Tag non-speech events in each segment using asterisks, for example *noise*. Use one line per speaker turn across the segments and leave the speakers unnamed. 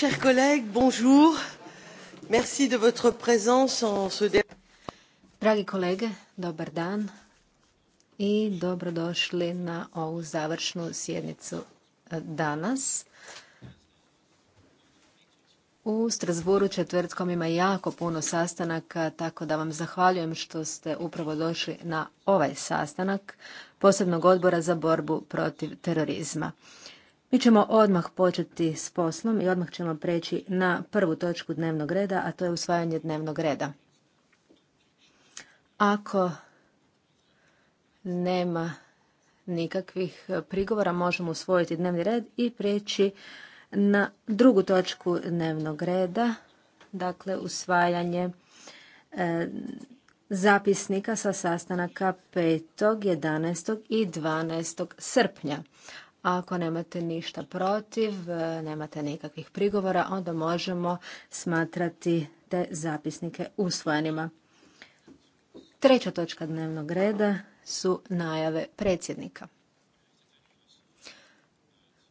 Chers collègues, bonjour. Merci de votre présence en ce
Dragi kolege, dobar dan i dobrodošli na ovu završnu sjednicu eh, danas. U Strasburu četvrtkom ima jako puno sastanaka, tako da vam zahvaljujem što ste upravo došli na ovaj sastanak posebnog odbora za borbu protiv terorizma. Mi ćemo odmah početi s poslom i odmah ćemo preći na prvu točku dnevnog reda, a to je usvajanje dnevnog reda. Ako nema nikakvih prigovora, možemo usvojiti dnevni red i preći na drugu točku dnevnog reda, dakle usvajanje e, zapisnika sa sastanaka 5. 11. i 12. srpnja. Ako nemate ništa protiv, e, nemate nikakvih prigovora, onda možemo smatrati te zapisnike usvojenima. Treća točka dnevnog reda su najave predsjednika.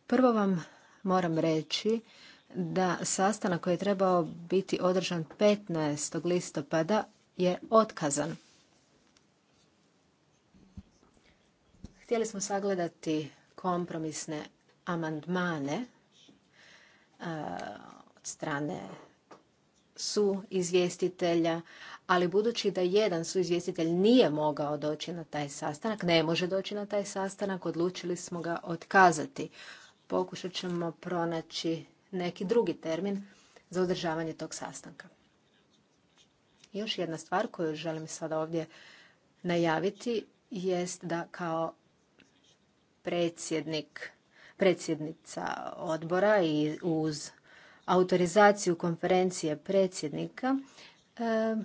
Prvo vam moram reći da sastanak koji je trebao biti održan 15. listopada je otkazan. Htjeli smo sagledati kompromisne amandmane e, od strane su izvjestitelja, ali budući da jedan su izvjestitelj nije mogao doći na taj sastanak, ne može doći na taj sastanak, odlučili smo ga otkazati. Pokušat ćemo pronaći neki drugi termin za održavanje tog sastanka. Još jedna stvar koju želim sada ovdje najaviti jest da kao predsjednik, predsjednica odbora i uz autorizaciju konferencije predsjednika e,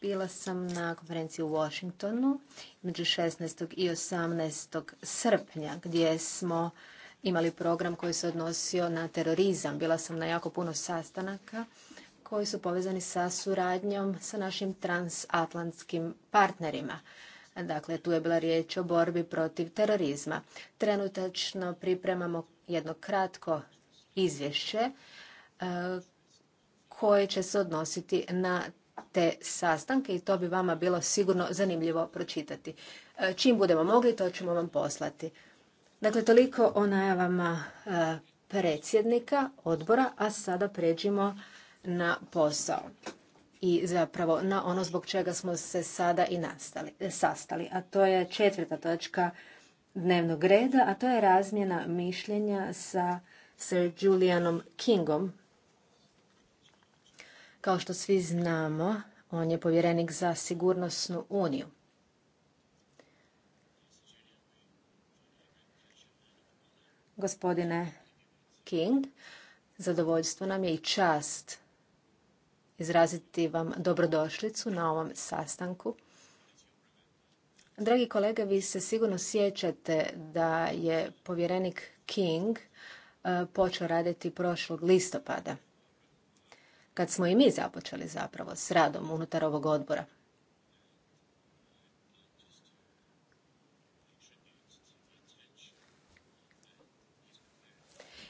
bila sam na konferenciji u Washingtonu među 16. i 18. srpnja gdje smo imali program koji se odnosio na terorizam. Bila sam na jako puno sastanaka koji su povezani sa suradnjom sa našim transatlantskim partnerima. Dakle, tu je bila riječ o borbi protiv terorizma. Trenutačno pripremamo jedno kratko izvješće e, koje će se odnositi na te sastanke i to bi vama bilo sigurno zanimljivo pročitati. E, čim budemo mogli, to ćemo vam poslati. Dakle, toliko o najavama e, predsjednika odbora, a sada pređimo na posao i zapravo na ono zbog čega smo se sada i nastali, sastali, a to je četvrta točka dnevnog reda, a to je razmjena mišljenja sa Sir Julianom Kingom. Kao što svi znamo, on je povjerenik za sigurnosnu uniju. Gospodine King, zadovoljstvo nam je i čast izraziti vam dobrodošlicu na ovom sastanku. Dragi kolege, vi se sigurno sjećate da je povjerenik King e, počeo raditi prošlog listopada, kad smo i mi započeli zapravo s radom unutar ovog odbora.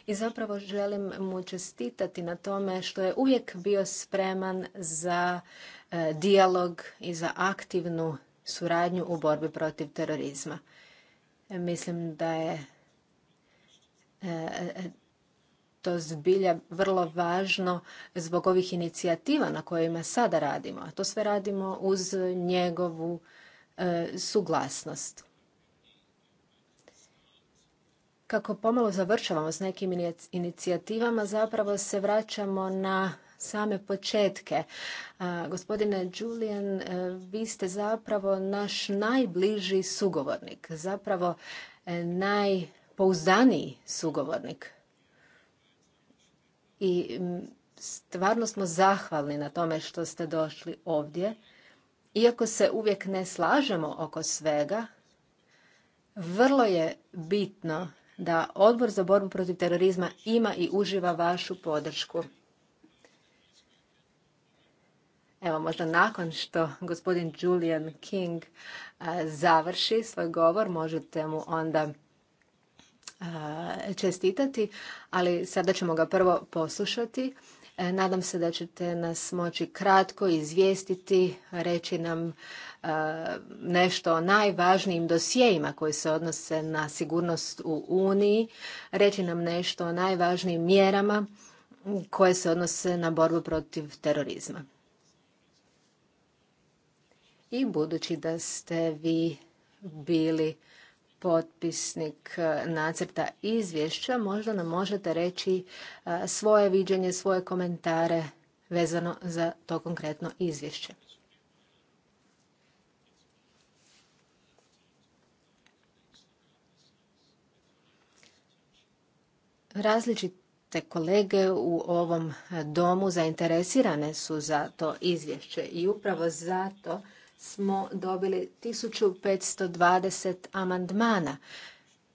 i zapravo želim mu čestitati na tome što je uvijek bio spreman za e, dijalog i za aktivnu suradnju u borbi protiv terorizma. E, mislim da je e, to zbilja vrlo važno zbog ovih inicijativa na kojima sada radimo, a to sve radimo uz njegovu suglasnost kako pomalo završavamo s nekim inicijativama, zapravo se vraćamo na same početke. gospodine Julian, e, vi ste zapravo naš najbliži sugovornik, zapravo e, najpouzdaniji sugovornik. I stvarno smo zahvalni na tome što ste došli ovdje. Iako se uvijek ne slažemo oko svega, vrlo je bitno da Odbor za borbu protiv terorizma ima i uživa vašu podršku. Evo, možda nakon što gospodin Julian King završi svoj govor, možete mu onda čestitati, ali sada ćemo ga prvo poslušati. E, nadam se da ćete nas moći kratko izvijestiti, reći nam nešto o najvažnijim dosjejima koji se odnose na sigurnost u Uniji, reći nam nešto o najvažnijim mjerama koje se odnose na borbu protiv terorizma. I budući da ste vi bili potpisnik nacrta izvješća, možda nam možete reći svoje viđenje, svoje komentare vezano za to konkretno izvješće. Različite kolege u ovom domu zainteresirane su za to izvješće i upravo zato smo dobili 1520 amandmana.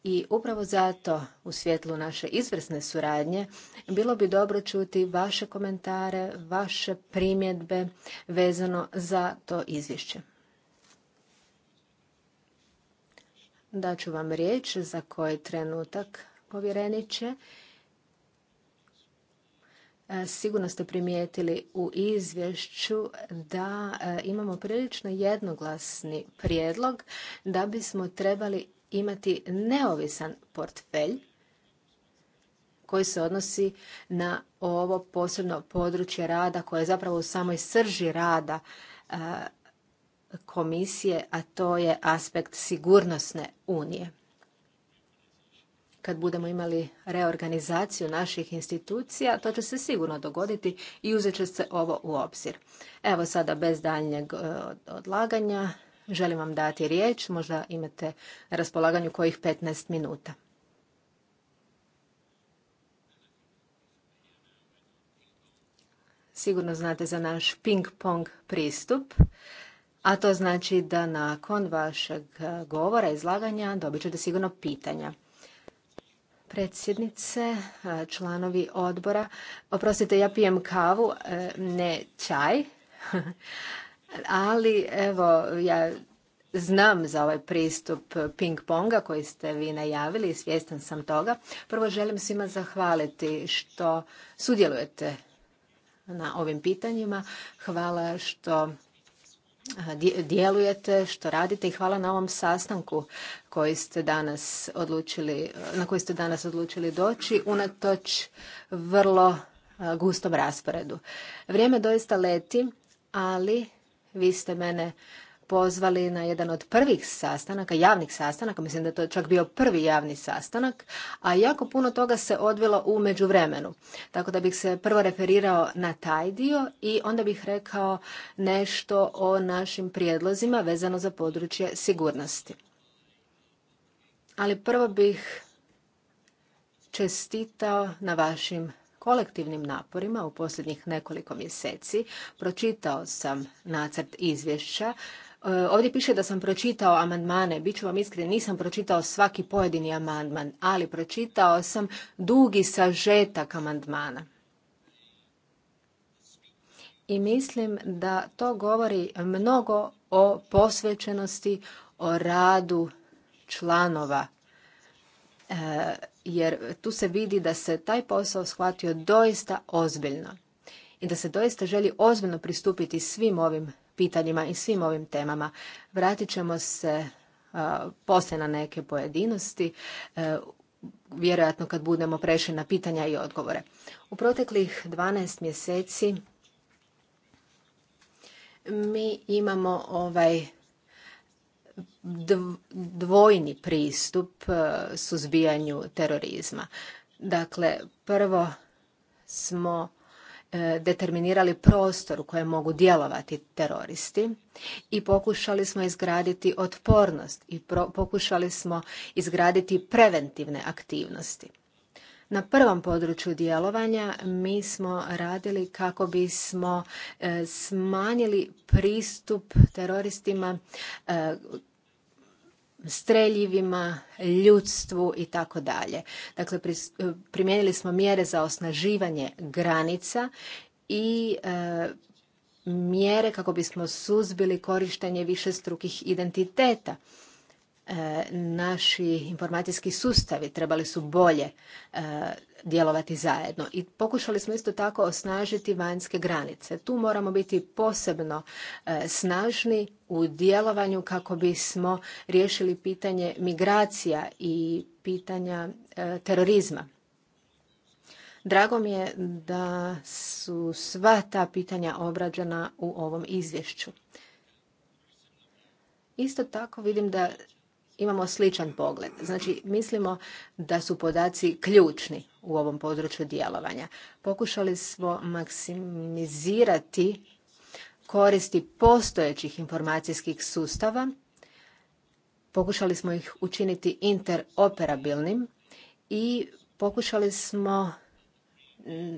I upravo zato, u svjetlu naše izvrsne suradnje, bilo bi dobro čuti vaše komentare, vaše primjedbe vezano za to izvješće. Daću vam riječ za koji trenutak povjereniče. E, sigurno ste primijetili u izvješću da e, imamo prilično jednoglasni prijedlog da bismo trebali imati neovisan portfelj koji se odnosi na ovo posebno područje rada koje je zapravo u samoj srži rada e, komisije, a to je aspekt sigurnosne unije kad budemo imali reorganizaciju naših institucija, to će se sigurno dogoditi i uzet će se ovo u obzir. Evo sada bez daljnjeg e, odlaganja želim vam dati riječ, možda imate raspolaganju kojih 15 minuta. Sigurno znate za naš ping-pong pristup. A to znači da nakon vašeg e, govora, izlaganja, dobit ćete sigurno pitanja predsjednice, e, članovi odbora. Oprostite, ja pijem kavu, e, ne čaj. *laughs* Ali evo, ja znam za ovaj pristup ping-ponga koji ste vi najavili i svjestan sam toga. Prvo želim svima zahvaliti što sudjelujete na ovim pitanjima. Hvala što djelujete, što radite i hvala na ovom sastanku koji ste danas odlučili, na koji ste danas odlučili doći unatoč vrlo gustom rasporedu. Vrijeme doista leti, ali vi ste mene pozvali na jedan od prvih sastanaka, javnih sastanaka, mislim da je to čak bio prvi javni sastanak, a jako puno toga se odvilo u međuvremenu. Tako da bih se prvo referirao na taj dio i onda bih rekao nešto o našim prijedlozima vezano za područje sigurnosti. Ali prvo bih čestitao na vašim kolektivnim naporima u posljednjih nekoliko mjeseci. Pročitao sam nacrt izvješća Eh, ovdje piše da sam pročitao amandmane. Biću vam iskren, nisam pročitao svaki pojedini amandman, ali pročitao sam dugi sažetak amandmana. I mislim da to govori mnogo o posvećenosti, o radu članova eh, jer tu se vidi da se taj posao shvatio doista ozbiljno i da se doista želi ozbiljno pristupiti svim ovim pitanjima i svim ovim temama. Vratit ćemo se poslije na neke pojedinosti, e, vjerojatno kad budemo prešli na pitanja i odgovore. U proteklih 12 mjeseci mi imamo ovaj dvojni pristup e, suzbijanju terorizma. Dakle, prvo smo E, determinirali prostor u kojem mogu djelovati teroristi i pokušali smo izgraditi otpornost i pokušali smo izgraditi preventivne aktivnosti. Na prvom području djelovanja mi smo radili kako bismo e, smanjili pristup teroristima e, streljivima, ljudstvu i tako dalje. Dakle, primijenili smo mjere za osnaživanje granica i e, mjere kako bismo suzbili korištenje višestrukih identiteta. E, naši informacijski sustavi trebali su bolje e, djelovati zajedno. I pokušali smo isto tako osnažiti vanjske granice. Tu moramo biti posebno e, snažni u djelovanju kako bismo riješili pitanje migracija i pitanja terorizma. Drago mi je da su sva ta pitanja obrađena u ovom izvješću. Isto tako vidim da imamo sličan pogled. Znači, mislimo da su podaci ključni u ovom području djelovanja. Pokušali smo maksimizirati koristi postojećih informacijskih sustava. Pokušali smo ih učiniti interoperabilnim i pokušali smo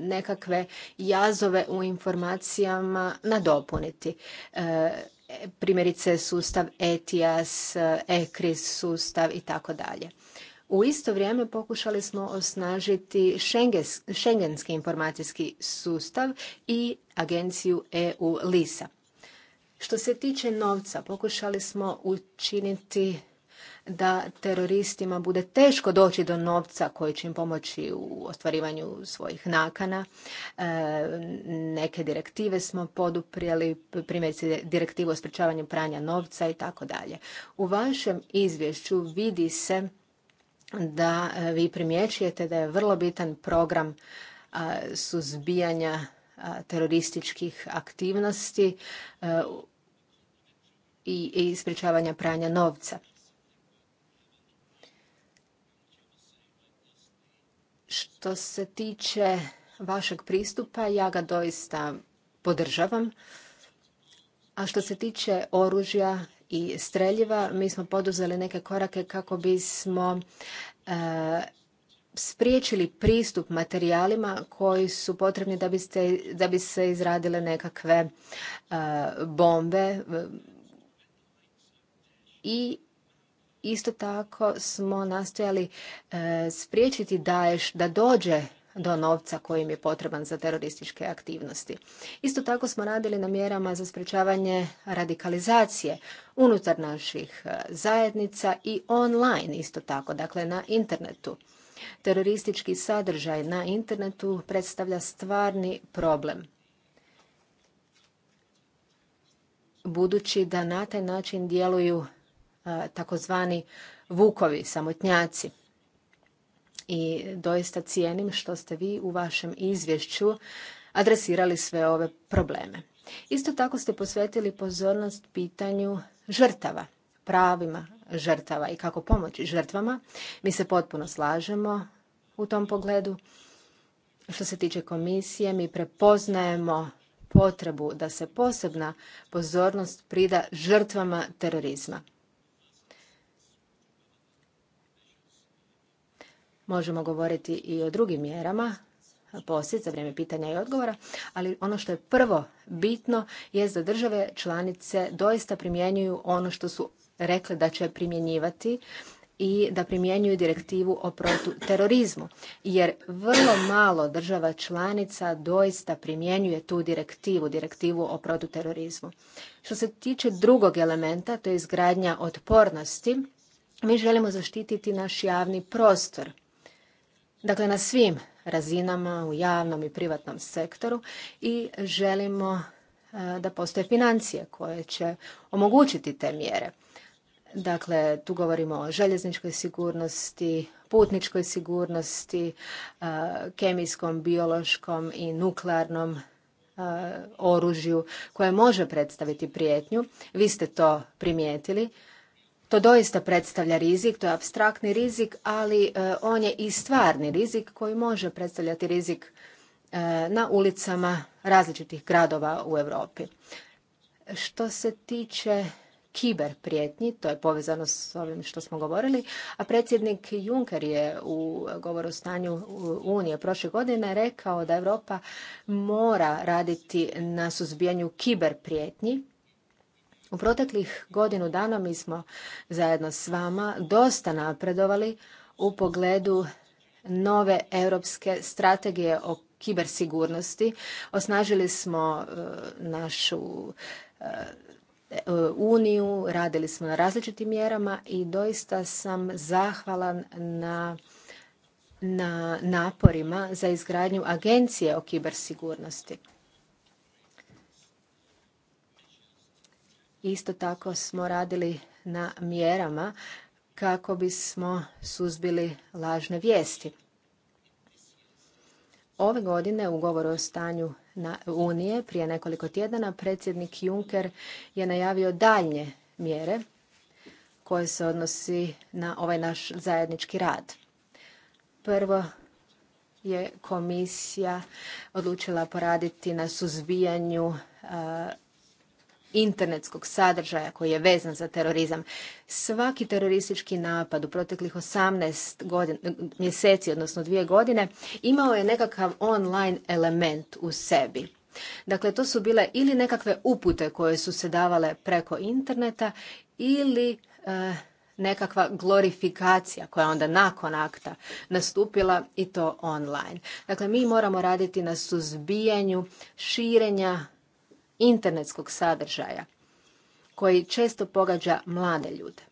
nekakve jazove u informacijama nadopuniti. E, primjerice sustav ETIAS, ECRIS sustav i tako dalje. U isto vrijeme pokušali smo osnažiti Schengenski informacijski sustav i agenciju EU LISA. Što se tiče novca, pokušali smo učiniti da teroristima bude teško doći do novca koji će im pomoći u ostvarivanju svojih nakana. E, neke direktive smo poduprijeli, primjerice direktivu o sprječavanju pranja novca i tako dalje. U vašem izvješću vidi se da vi primjećujete da je vrlo bitan program e, suzbijanja e, terorističkih aktivnosti i, i sprječavanja pranja novca. Što se tiče vašeg pristupa, ja ga doista podržavam. A što se tiče oružja i streljiva, mi smo poduzeli neke korake kako bismo e, spriječili pristup materijalima koji su potrebni da, bi se izradile nekakve e, bombe i Isto tako smo nastojali e, spriječiti da dođe do novca kojim je potreban za terorističke aktivnosti. Isto tako smo radili na mjerama za sprečavanje radikalizacije unutar naših e, zajednica i online isto tako, dakle na internetu. Teroristički sadržaj na internetu predstavlja stvarni problem. Budući da na taj način djeluju takozvani vukovi, samotnjaci. I doista cijenim što ste vi u vašem izvješću adresirali sve ove probleme. Isto tako ste posvetili pozornost pitanju žrtava, pravima žrtava i kako pomoći žrtvama. Mi se potpuno slažemo u tom pogledu. Što se tiče komisije, mi prepoznajemo potrebu da se posebna pozornost prida žrtvama terorizma. Možemo govoriti i o drugim mjerama, poslije za vrijeme pitanja i odgovora, ali ono što je prvo bitno je da države članice doista primjenjuju ono što su rekle da će primjenjivati i da primjenjuju direktivu o protuterorizmu, jer vrlo malo država članica doista primjenjuje tu direktivu, direktivu o protuterorizmu. Što se tiče drugog elementa, to je izgradnja otpornosti, mi želimo zaštititi naš javni prostor dakle na svim razinama u javnom i privatnom sektoru i želimo e, da postoje financije koje će omogućiti te mjere. Dakle, tu govorimo o željezničkoj sigurnosti, putničkoj sigurnosti, e, kemijskom, biološkom i nuklearnom e, oružju koje može predstaviti prijetnju. Vi ste to primijetili. To doista predstavlja rizik, to je abstraktni rizik, ali e, on je i stvarni rizik koji može predstavljati rizik e, na ulicama različitih gradova u Europi. Što se tiče kiber prijetnji, to je povezano s ovim što smo govorili, a predsjednik Juncker je u govoru o stanju Unije prošle godine rekao da Europa mora raditi na suzbijanju kiber prijetnji u proteklih godinu dana mi smo zajedno s vama dosta napredovali u pogledu nove europske strategije o kibersigurnosti. Osnažili smo e, našu e, uniju, radili smo na različitim mjerama i doista sam zahvalan na na naporima za izgradnju agencije o kibersigurnosti. Isto tako smo radili na mjerama kako bismo suzbili lažne vijesti. Ove godine u govoru o stanju na Unije prije nekoliko tjedana predsjednik Juncker je najavio daljnje mjere koje se odnosi na ovaj naš zajednički rad. Prvo je komisija odlučila poraditi na suzbijanju internetskog sadržaja koji je vezan za terorizam. Svaki teroristički napad u proteklih 18 mjeseci, odnosno dvije godine, imao je nekakav online element u sebi. Dakle, to su bile ili nekakve upute koje su se davale preko interneta ili e, nekakva glorifikacija koja je onda nakon akta nastupila i to online. Dakle, mi moramo raditi na suzbijanju širenja internetskog sadržaja koji često pogađa mlade ljude.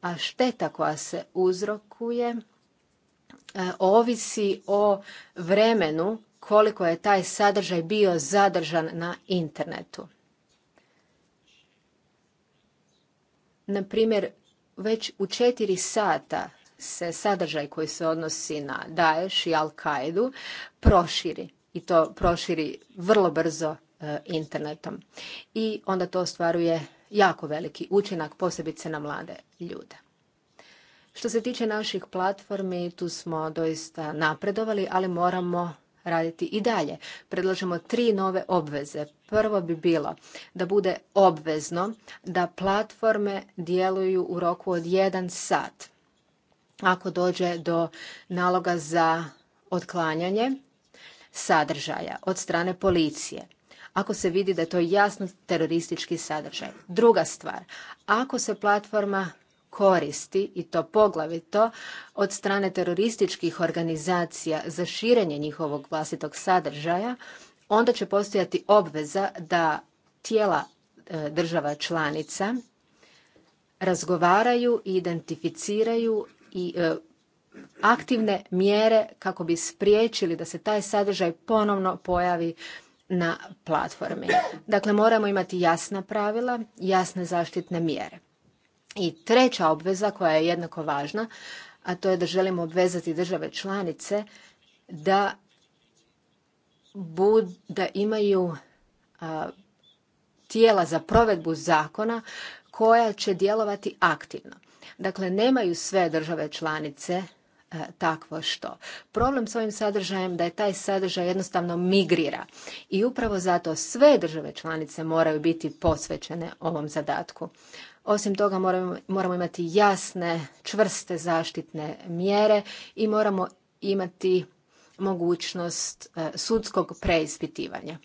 A šteta koja se uzrokuje e, ovisi o vremenu koliko je taj sadržaj bio zadržan na internetu. Na primjer, već u četiri sata se sadržaj koji se odnosi na Daesh i Al-Kaidu proširi i to proširi vrlo brzo E, internetom. I onda to ostvaruje jako veliki učinak, posebice na mlade ljude. Što se tiče naših platformi, tu smo doista napredovali, ali moramo raditi i dalje. Predlažemo tri nove obveze. Prvo bi bilo da bude obvezno da platforme djeluju u roku od jedan sat. Ako dođe do naloga za otklanjanje sadržaja od strane policije ako se vidi da je to jasno teroristički sadržaj. Druga stvar, ako se platforma koristi i to poglavito od strane terorističkih organizacija za širenje njihovog vlastitog sadržaja, onda će postojati obveza da tijela e, država članica razgovaraju i identificiraju i e, aktivne mjere kako bi spriječili da se taj sadržaj ponovno pojavi na platformi. Dakle, moramo imati jasna pravila, jasne zaštitne mjere. I treća obveza koja je jednako važna, a to je da želimo obvezati države članice da, da imaju tijela za provedbu zakona koja će djelovati aktivno. Dakle, nemaju sve države članice E, takvo što. Problem s ovim sadržajem da je taj sadržaj jednostavno migrira i upravo zato sve države članice moraju biti posvećene ovom zadatku. Osim toga moramo, moramo imati jasne, čvrste zaštitne mjere i moramo imati mogućnost e, sudskog preispitivanja.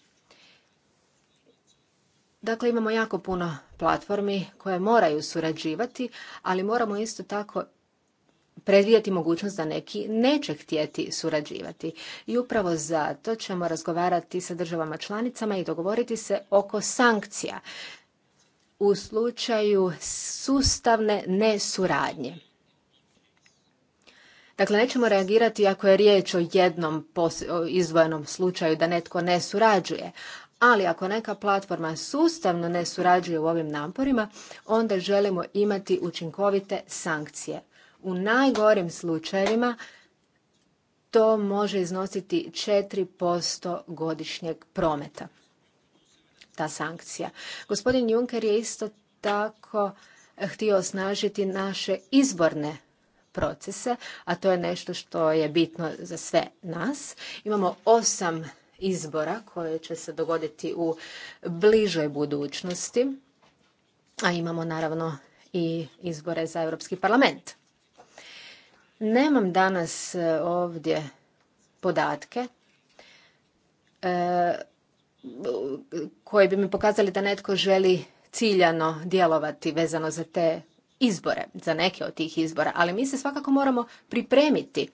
Dakle, imamo jako puno platformi koje moraju surađivati, ali moramo isto tako predvidjeti mogućnost da neki neće htjeti surađivati. I upravo zato ćemo razgovarati sa državama članicama i dogovoriti se oko sankcija u slučaju sustavne nesuradnje. Dakle, nećemo reagirati ako je riječ o jednom izvojenom slučaju da netko ne surađuje, ali ako neka platforma sustavno ne surađuje u ovim naporima, onda želimo imati učinkovite sankcije. U najgorim slučajevima to može iznositi 4% godišnjeg prometa, ta sankcija. Gospodin Juncker je isto tako eh, htio osnažiti naše izborne procese, a to je nešto što je bitno za sve nas. Imamo osam izbora koje će se dogoditi u bližoj budućnosti, a imamo naravno i izbore za Europski parlament. Nemam danas e, ovdje podatke e, koji bi mi pokazali da netko želi ciljano djelovati vezano za te izbore, za neke od tih izbora, ali mi se svakako moramo pripremiti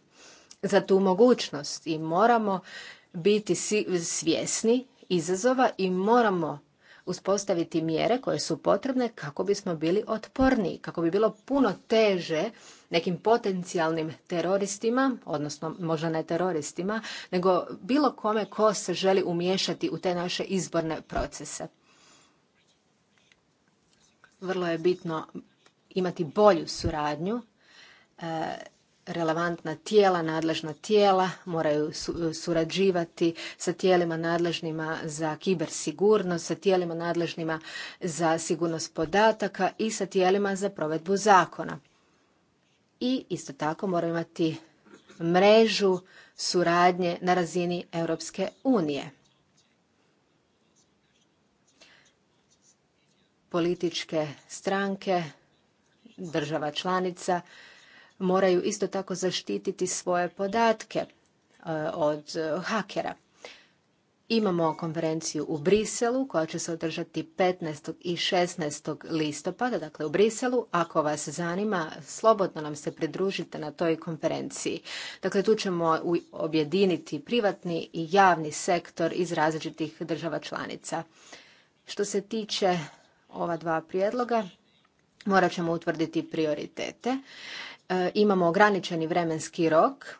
za tu mogućnost i moramo biti svjesni izazova i moramo uspostaviti mjere koje su potrebne kako bismo bili otporniji, kako bi bilo puno teže nekim potencijalnim teroristima, odnosno možda ne teroristima, nego bilo kome ko se želi umiješati u te naše izborne procese. Vrlo je bitno imati bolju suradnju e, relevantna tijela, nadležna tijela moraju surađivati sa tijelima nadležnima za kibersigurnost, sa tijelima nadležnima za sigurnost podataka i sa tijelima za provedbu zakona i isto tako moraju imati mrežu suradnje na razini Europske unije. Političke stranke država članica moraju isto tako zaštititi svoje podatke eh, od hakera. Imamo konferenciju u Briselu koja će se održati 15. i 16. listopada, dakle u Briselu. Ako vas zanima, slobodno nam se pridružite na toj konferenciji. Dakle, tu ćemo objediniti privatni i javni sektor iz različitih država članica. Što se tiče ova dva prijedloga, morat ćemo utvrditi prioritete. E, imamo ograničeni vremenski rok,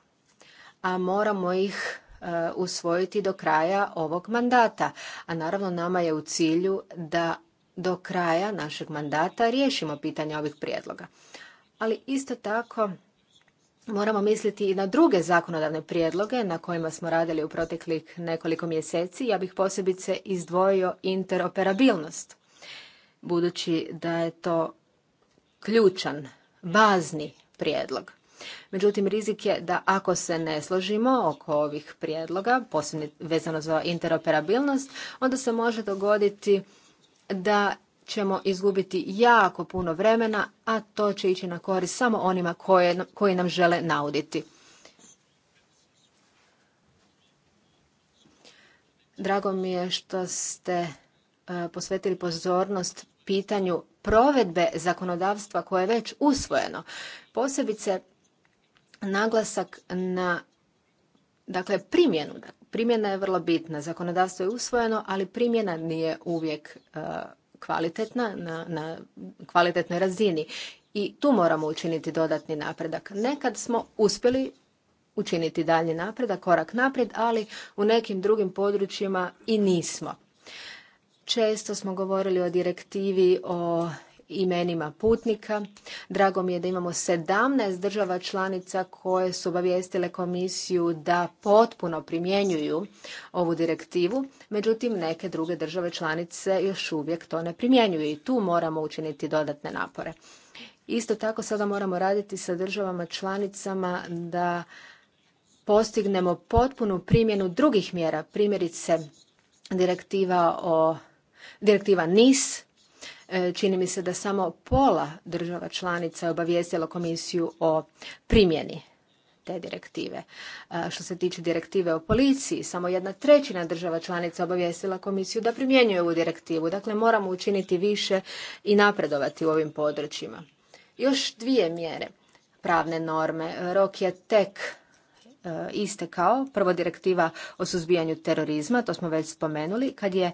a moramo ih E, usvojiti do kraja ovog mandata. A naravno nama je u cilju da do kraja našeg mandata riješimo pitanje ovih prijedloga. Ali isto tako moramo misliti i na druge zakonodavne prijedloge na kojima smo radili u proteklih nekoliko mjeseci. Ja bih posebice izdvojio interoperabilnost, budući da je to ključan, bazni prijedlog. Međutim, rizik je da ako se ne složimo oko ovih prijedloga, posebno vezano za interoperabilnost, onda se može dogoditi da ćemo izgubiti jako puno vremena, a to će ići na korist samo onima koji nam žele nauditi. Drago mi je što ste e, posvetili pozornost pitanju provedbe zakonodavstva koje je već usvojeno. Posebice naglasak na dakle primjenu. Primjena je vrlo bitna. Zakonodavstvo je usvojeno, ali primjena nije uvijek e, kvalitetna na, na kvalitetnoj razini. I tu moramo učiniti dodatni napredak. Nekad smo uspjeli učiniti dalji napredak, korak naprijed, ali u nekim drugim područjima i nismo. Često smo govorili o direktivi o imenima putnika. Drago mi je da imamo 17 država članica koje su obavijestile komisiju da potpuno primjenjuju ovu direktivu, međutim neke druge države članice još uvijek to ne primjenjuju i tu moramo učiniti dodatne napore. Isto tako sada moramo raditi sa državama članicama da postignemo potpunu primjenu drugih mjera, primjerice direktiva o direktiva NIS E, čini mi se da samo pola država članica je obavijestilo komisiju o primjeni te direktive. E, što se tiče direktive o policiji, samo jedna trećina država članica obavijestila komisiju da primjenjuje ovu direktivu. Dakle, moramo učiniti više i napredovati u ovim područjima. Još dvije mjere pravne norme. Rok je tek Eh, istekao, prvo direktiva o suzbijanju terorizma, to smo već spomenuli, kad je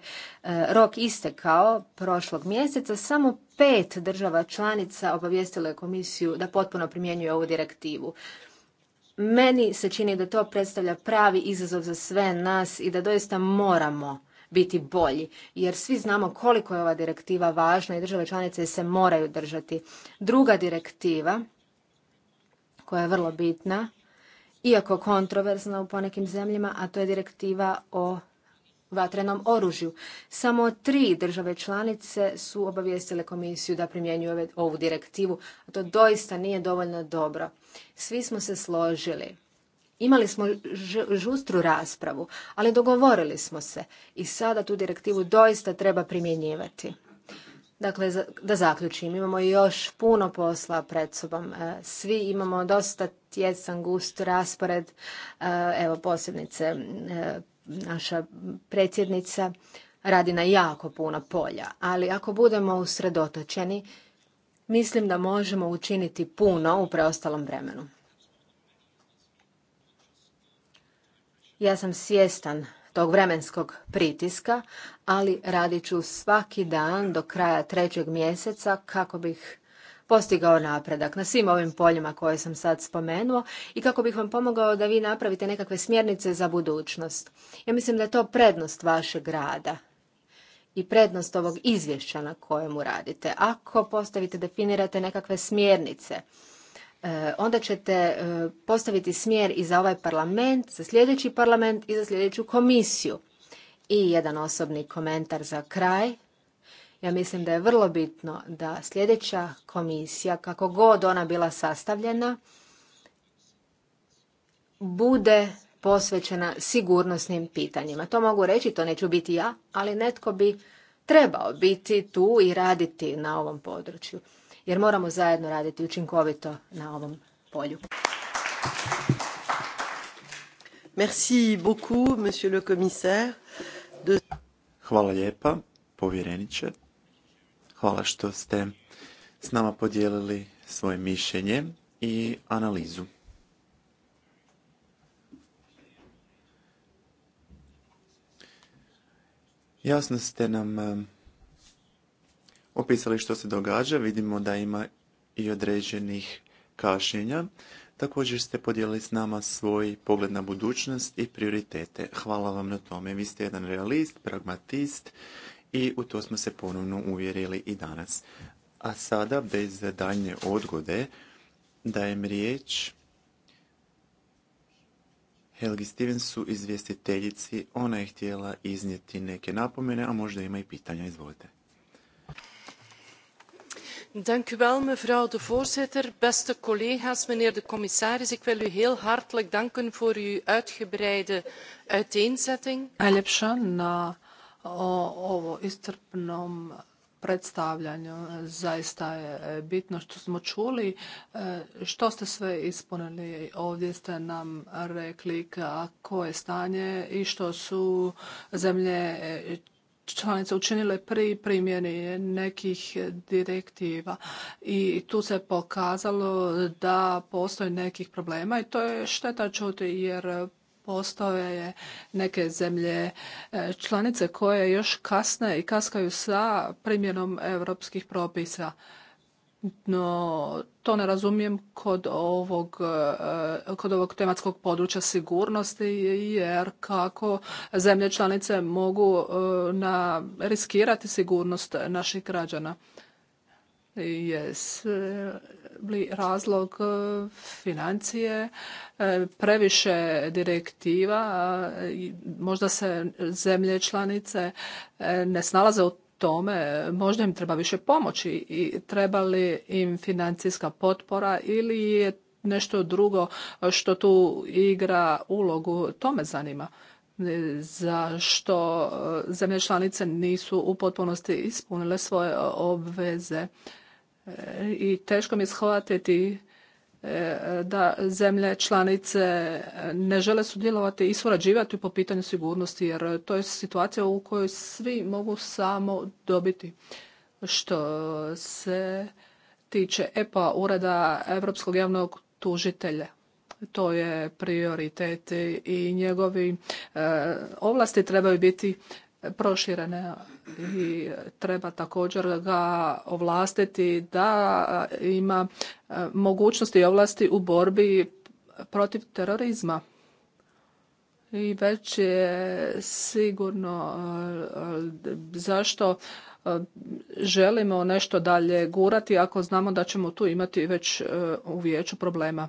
eh, rok istekao prošlog mjeseca, samo pet država članica obavijestilo je komisiju da potpuno primjenjuje ovu direktivu. Meni se čini da to predstavlja pravi izazov za sve nas i da doista moramo biti bolji, jer svi znamo koliko je ova direktiva važna i države članice se moraju držati. Druga direktiva koja je vrlo bitna iako kontroverzna u ponekim zemljama, a to je direktiva o vatrenom oružju. Samo tri države članice su obavijestile komisiju da primjenjuju ovu direktivu, a to doista nije dovoljno dobro. Svi smo se složili. Imali smo žustru raspravu, ali dogovorili smo se i sada tu direktivu doista treba primjenjivati. Dakle, da zaključim, imamo još puno posla pred sobom. E, svi imamo dosta tjesan gust raspored. E, evo posebice e, naša predsjednica radi na jako puno polja, ali ako budemo usredotočeni, mislim da možemo učiniti puno u preostalom vremenu. Ja sam svjestan tog vremenskog pritiska, ali radit ću svaki dan do kraja trećeg mjeseca kako bih postigao napredak na svim ovim poljima koje sam sad spomenuo i kako bih vam pomogao da vi napravite nekakve smjernice za budućnost. Ja mislim da je to prednost vašeg rada i prednost ovog izvješća na kojemu radite. Ako postavite, definirate nekakve smjernice, e, onda ćete e, postaviti smjer i za ovaj parlament, za sljedeći parlament i za sljedeću komisiju. I jedan osobni komentar za kraj. Ja mislim da je vrlo bitno da sljedeća komisija, kako god ona bila sastavljena, bude posvećena sigurnosnim pitanjima. To mogu reći, to neću biti ja, ali netko bi trebao biti tu i raditi na ovom području. Jer moramo zajedno raditi učinkovito na ovom polju.
Merci beaucoup, monsieur le commissaire.
Hvala lijepa, povjereniče. Hvala što ste s nama podijelili svoje mišljenje i analizu. Jasno ste nam e, opisali što se događa, vidimo da ima i određenih kašnjenja. Također ste podijelili s nama svoj pogled na budućnost i prioritete. Hvala vam na tome. Vi ste jedan realist, pragmatist i u to smo se ponovno uvjerili i danas. A sada, bez daljnje odgode, dajem riječ Helgi Stevensu, izvjestiteljici. Ona je htjela iznijeti neke napomene, a možda ima i pitanja. Izvolite.
Dank u wel, mevrouw de voorzitter. Beste collega's, meneer de commissaris, ik wil u heel hartelijk danken voor uw uitgebreide uiteenzetting. Najljepša na o ovo istrpnom predstavljanju. Zaista je e, bitno što smo čuli. E, što ste sve ispunili? Ovdje ste nam rekli kako je stanje i što su zemlje e, članice učinile pri primjeni nekih direktiva i tu se pokazalo da postoji nekih problema i to je šteta čuti jer postoje neke zemlje e, članice koje još kasne i kaskaju sa primjenom europskih propisa. No, to ne razumijem kod ovog, e, kod ovog tematskog područja sigurnosti, jer kako zemlje članice mogu e, na, riskirati sigurnost naših građana. Yes razlog e, financije, e, previše direktiva, možda se zemlje članice e, ne snalaze u tome, možda im treba više pomoći i treba li im financijska potpora ili je nešto drugo što tu igra ulogu, to me zanima zašto zemlje članice nisu u potpunosti ispunile svoje obveze i teško mi je shvatiti e, da zemlje članice ne žele sudjelovati i surađivati po pitanju sigurnosti jer to je situacija u kojoj svi mogu samo dobiti. Što se tiče EPA ureda Europskog javnog tužitelja. To je prioritet i njegovi e, ovlasti trebaju biti proširene i treba također ga ovlastiti da e, ima e, mogućnosti i ovlasti u borbi protiv terorizma. I već je sigurno e, zašto želimo nešto dalje gurati ako znamo da ćemo tu imati već u vijeću problema.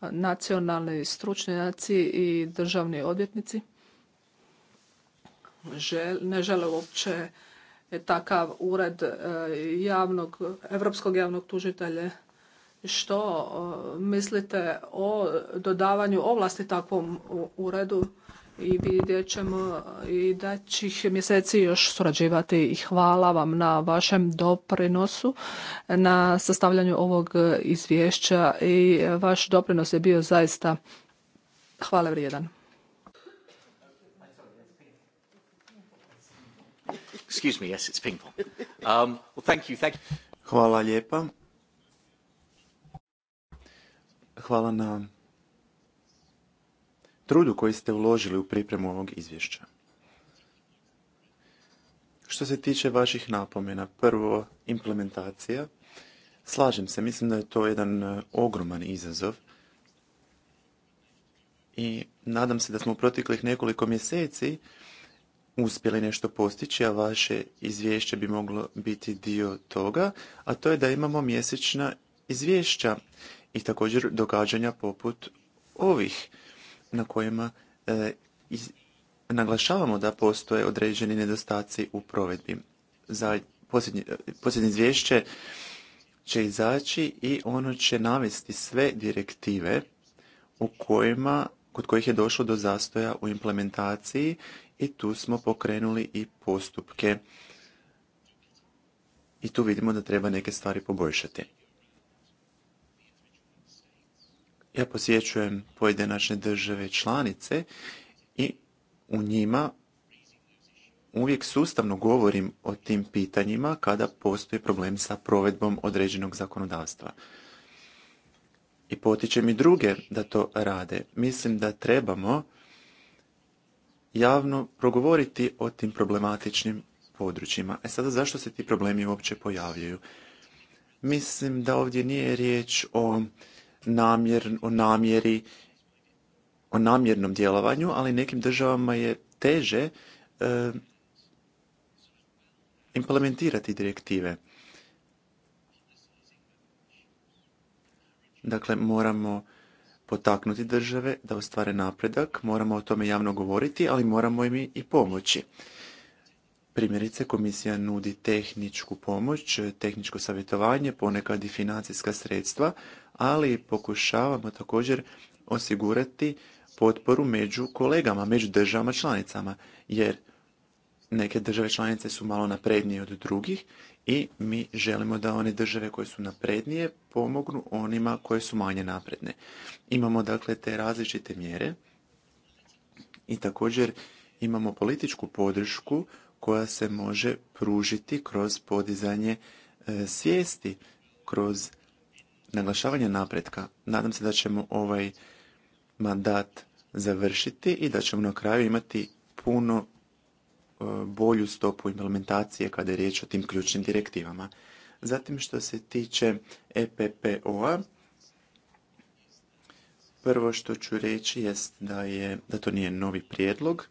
Nacionalni stručnjaci i državni odvjetnici ne žele uopće takav ured e, javnog, Europskog javnog tužitelja. Što e, mislite o dodavanju ovlasti takvom uredu i vidjet ćemo i da će mjeseci još surađivati i hvala vam na vašem doprinosu na sastavljanju ovog izvješća i vaš doprinos je bio zaista hvale vrijedan.
Excuse um, Hvala lijepa. Hvala na trudu koji ste uložili u pripremu ovog izvješća. Što se tiče vaših napomena, prvo implementacija. Slažem se, mislim da je to jedan e, ogroman izazov. I nadam se da smo u proteklih nekoliko mjeseci uspjeli nešto postići, a vaše izvješće bi moglo biti dio toga, a to je da imamo mjesečna izvješća i također događanja poput ovih na kojima e, naglašavamo da postoje određeni nedostaci u provedbi. Za posljednje, posljednje izvješće će izaći i ono će navesti sve direktive u kojima kod kojih je došlo do zastoja u implementaciji i tu smo pokrenuli i postupke i tu vidimo da treba neke stvari poboljšati. Ja posjećujem pojedinačne države članice i u njima uvijek sustavno govorim o tim pitanjima kada postoji problem sa provedbom određenog zakonodavstva. I potičem i druge da to rade. Mislim da trebamo javno progovoriti o tim problematičnim područjima. E sada zašto se ti problemi uopće pojavljuju? Mislim da ovdje nije riječ o, o namjeri, o namjernom djelovanju, ali nekim državama je teže e, implementirati direktive. Dakle, moramo potaknuti države da ostvare napredak, moramo o tome javno govoriti, ali moramo im i pomoći. Primjerice, komisija nudi tehničku pomoć, tehničko savjetovanje, ponekad i financijska sredstva, ali pokušavamo također osigurati potporu među kolegama, među državama članicama, jer neke države članice su malo naprednije od drugih i mi želimo da one države koje su naprednije pomognu onima koje su manje napredne. Imamo dakle te različite mjere i također imamo političku podršku koja se može pružiti kroz podizanje e, svijesti, kroz naglašavanje napretka. Nadam se da ćemo ovaj mandat završiti i da ćemo na kraju imati puno E, bolju stopu implementacije kada je riječ o tim ključnim direktivama. Zatim što se tiče EPPO-a, prvo što ću reći jest da, je, da to nije novi prijedlog.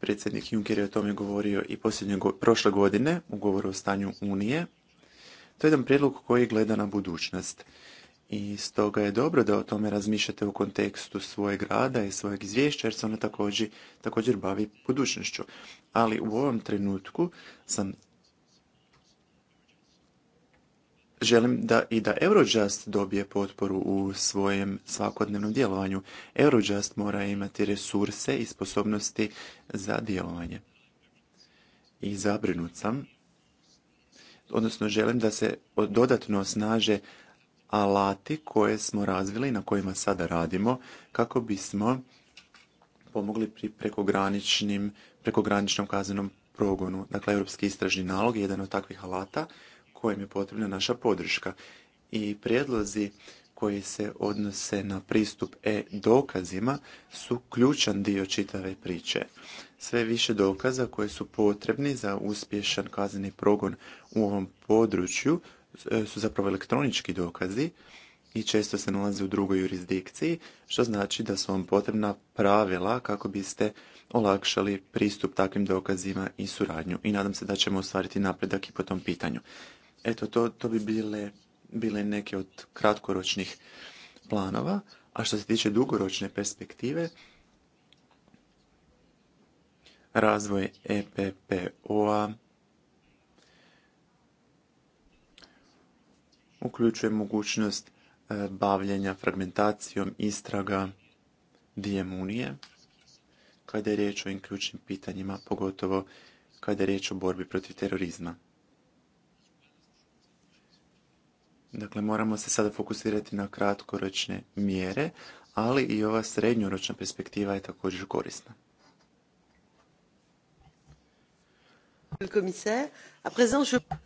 Predsjednik Juncker je o tome govorio i posljednje prošle godine u govoru o stanju Unije. To je jedan prijedlog koji gleda na budućnost i stoga je dobro da o tome razmišljate u kontekstu svojeg rada i svojeg izvješća jer se ona također, bavi budućnošću. Ali u ovom trenutku sam želim da i da Eurojust dobije potporu u svojem svakodnevnom djelovanju. Eurojust mora imati resurse i sposobnosti za djelovanje. I zabrinut sam, odnosno želim da se dodatno snaže alati koje smo razvili i na kojima sada radimo kako bismo pomogli pri prekograničnim, prekograničnom kaznenom progonu. Dakle, Europski istražni nalog je jedan od takvih alata kojim je potrebna naša podrška. I prijedlozi koji se odnose na pristup e-dokazima su ključan dio čitave priče. Sve više dokaza koji su potrebni za uspješan kazneni progon u ovom području E, su zapravo elektronički dokazi i često se nalaze u drugoj jurisdikciji, što znači da su vam potrebna pravila kako biste olakšali pristup takvim dokazima i suradnju. I nadam se da ćemo ostvariti napredak i po tom pitanju. Eto, to, to bi bile, bile neke od kratkoročnih planova, a što se tiče dugoročne perspektive, razvoj EPPO-a, uključuje mogućnost e, bavljenja fragmentacijom istraga diljem kada je riječ o ovim ključnim pitanjima, pogotovo kada je riječ o borbi protiv terorizma. Dakle, moramo se sada fokusirati na kratkoročne mjere, ali i ova srednjoročna perspektiva je također korisna.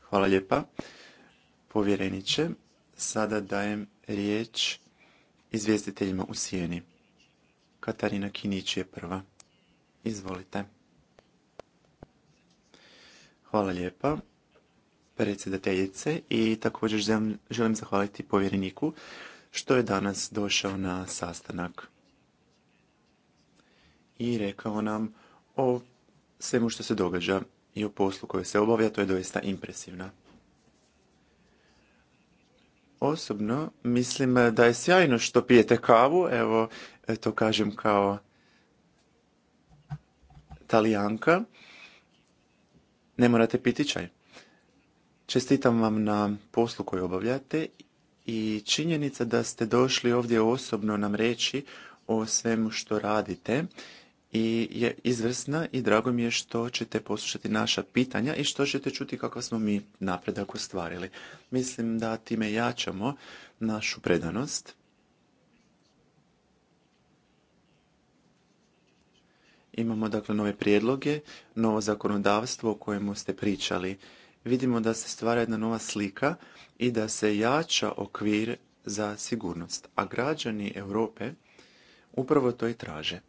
Hvala lijepa povjereniče. Sada dajem riječ izvjestiteljima u sjeni. Katarina Kinić je prva. Izvolite. Hvala lijepa predsjedateljice i također želim zahvaliti povjereniku što je danas došao na sastanak i rekao nam o svemu što se događa i o poslu koji se obavlja, to je doista impresivna Osobno mislim eh, da je sjajno što pijete kavu, evo eh, to kažem kao talijanka. Ne morate piti čaj. Čestitam vam na poslu koju obavljate i činjenica da ste došli ovdje osobno nam reći o svemu što radite i je izvrsna i drago mi je što ćete poslušati naša pitanja i što ćete čuti kako smo mi napredak ostvarili. Mislim da time jačamo našu predanost. Imamo dakle nove prijedloge, novo zakonodavstvo o kojemu ste pričali. Vidimo da se stvara jedna nova slika i da se jača okvir za sigurnost, a građani Europe upravo to i traže.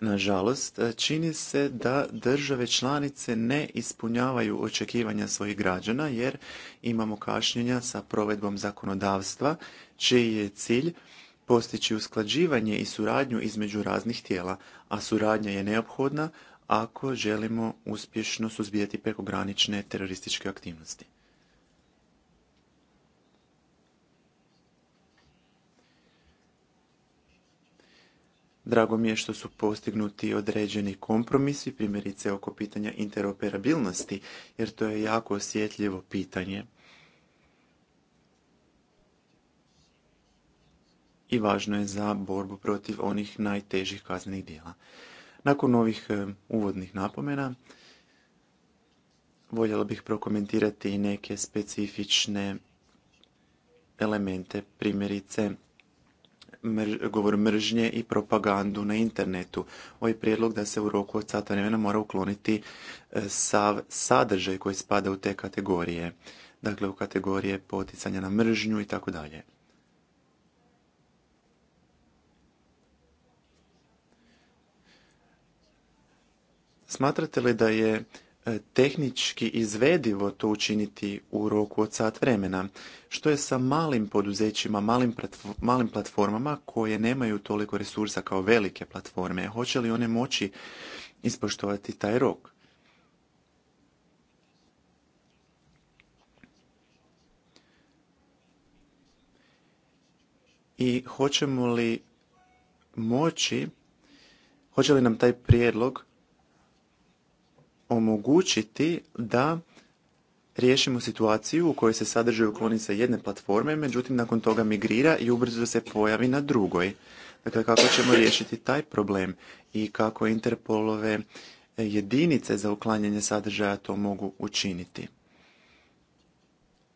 Nažalost, e, čini se da države članice ne ispunjavaju očekivanja svojih građana jer imamo kašnjenja sa provedbom zakonodavstva čiji je cilj postići usklađivanje i suradnju između raznih tijela, a suradnja je neophodna ako želimo uspješno suzbijati prekogranične terorističke aktivnosti. Drago mi je što su postignuti određeni kompromisi, primjerice oko pitanja interoperabilnosti, jer to je jako osjetljivo pitanje. I važno je za borbu protiv onih najtežih kaznenih djela. Nakon ovih eh, uvodnih napomena, voljela bih prokomentirati i neke specifične elemente, primjerice govor mržnje i propagandu na internetu. Ovaj prijedlog da se u roku od sata vremena mora ukloniti e, sav sadržaj koji spada u te kategorije, dakle u kategorije poticanja na mržnju i tako dalje. Smatrate li da je E, tehnički izvedivo to učiniti u roku od sat vremena. Što je sa malim poduzećima, malim platformama koje nemaju toliko resursa kao velike platforme? Hoće li one moći ispoštovati taj rok? I hoćemo li moći, hoće li nam taj prijedlog omogućiti da riješimo situaciju u kojoj se sadržaj ukloni sa jedne platforme, međutim nakon toga migrira i ubrzo se pojavi na drugoj. Dakle, kako ćemo riješiti taj problem i kako Interpolove jedinice za uklanjanje sadržaja to mogu učiniti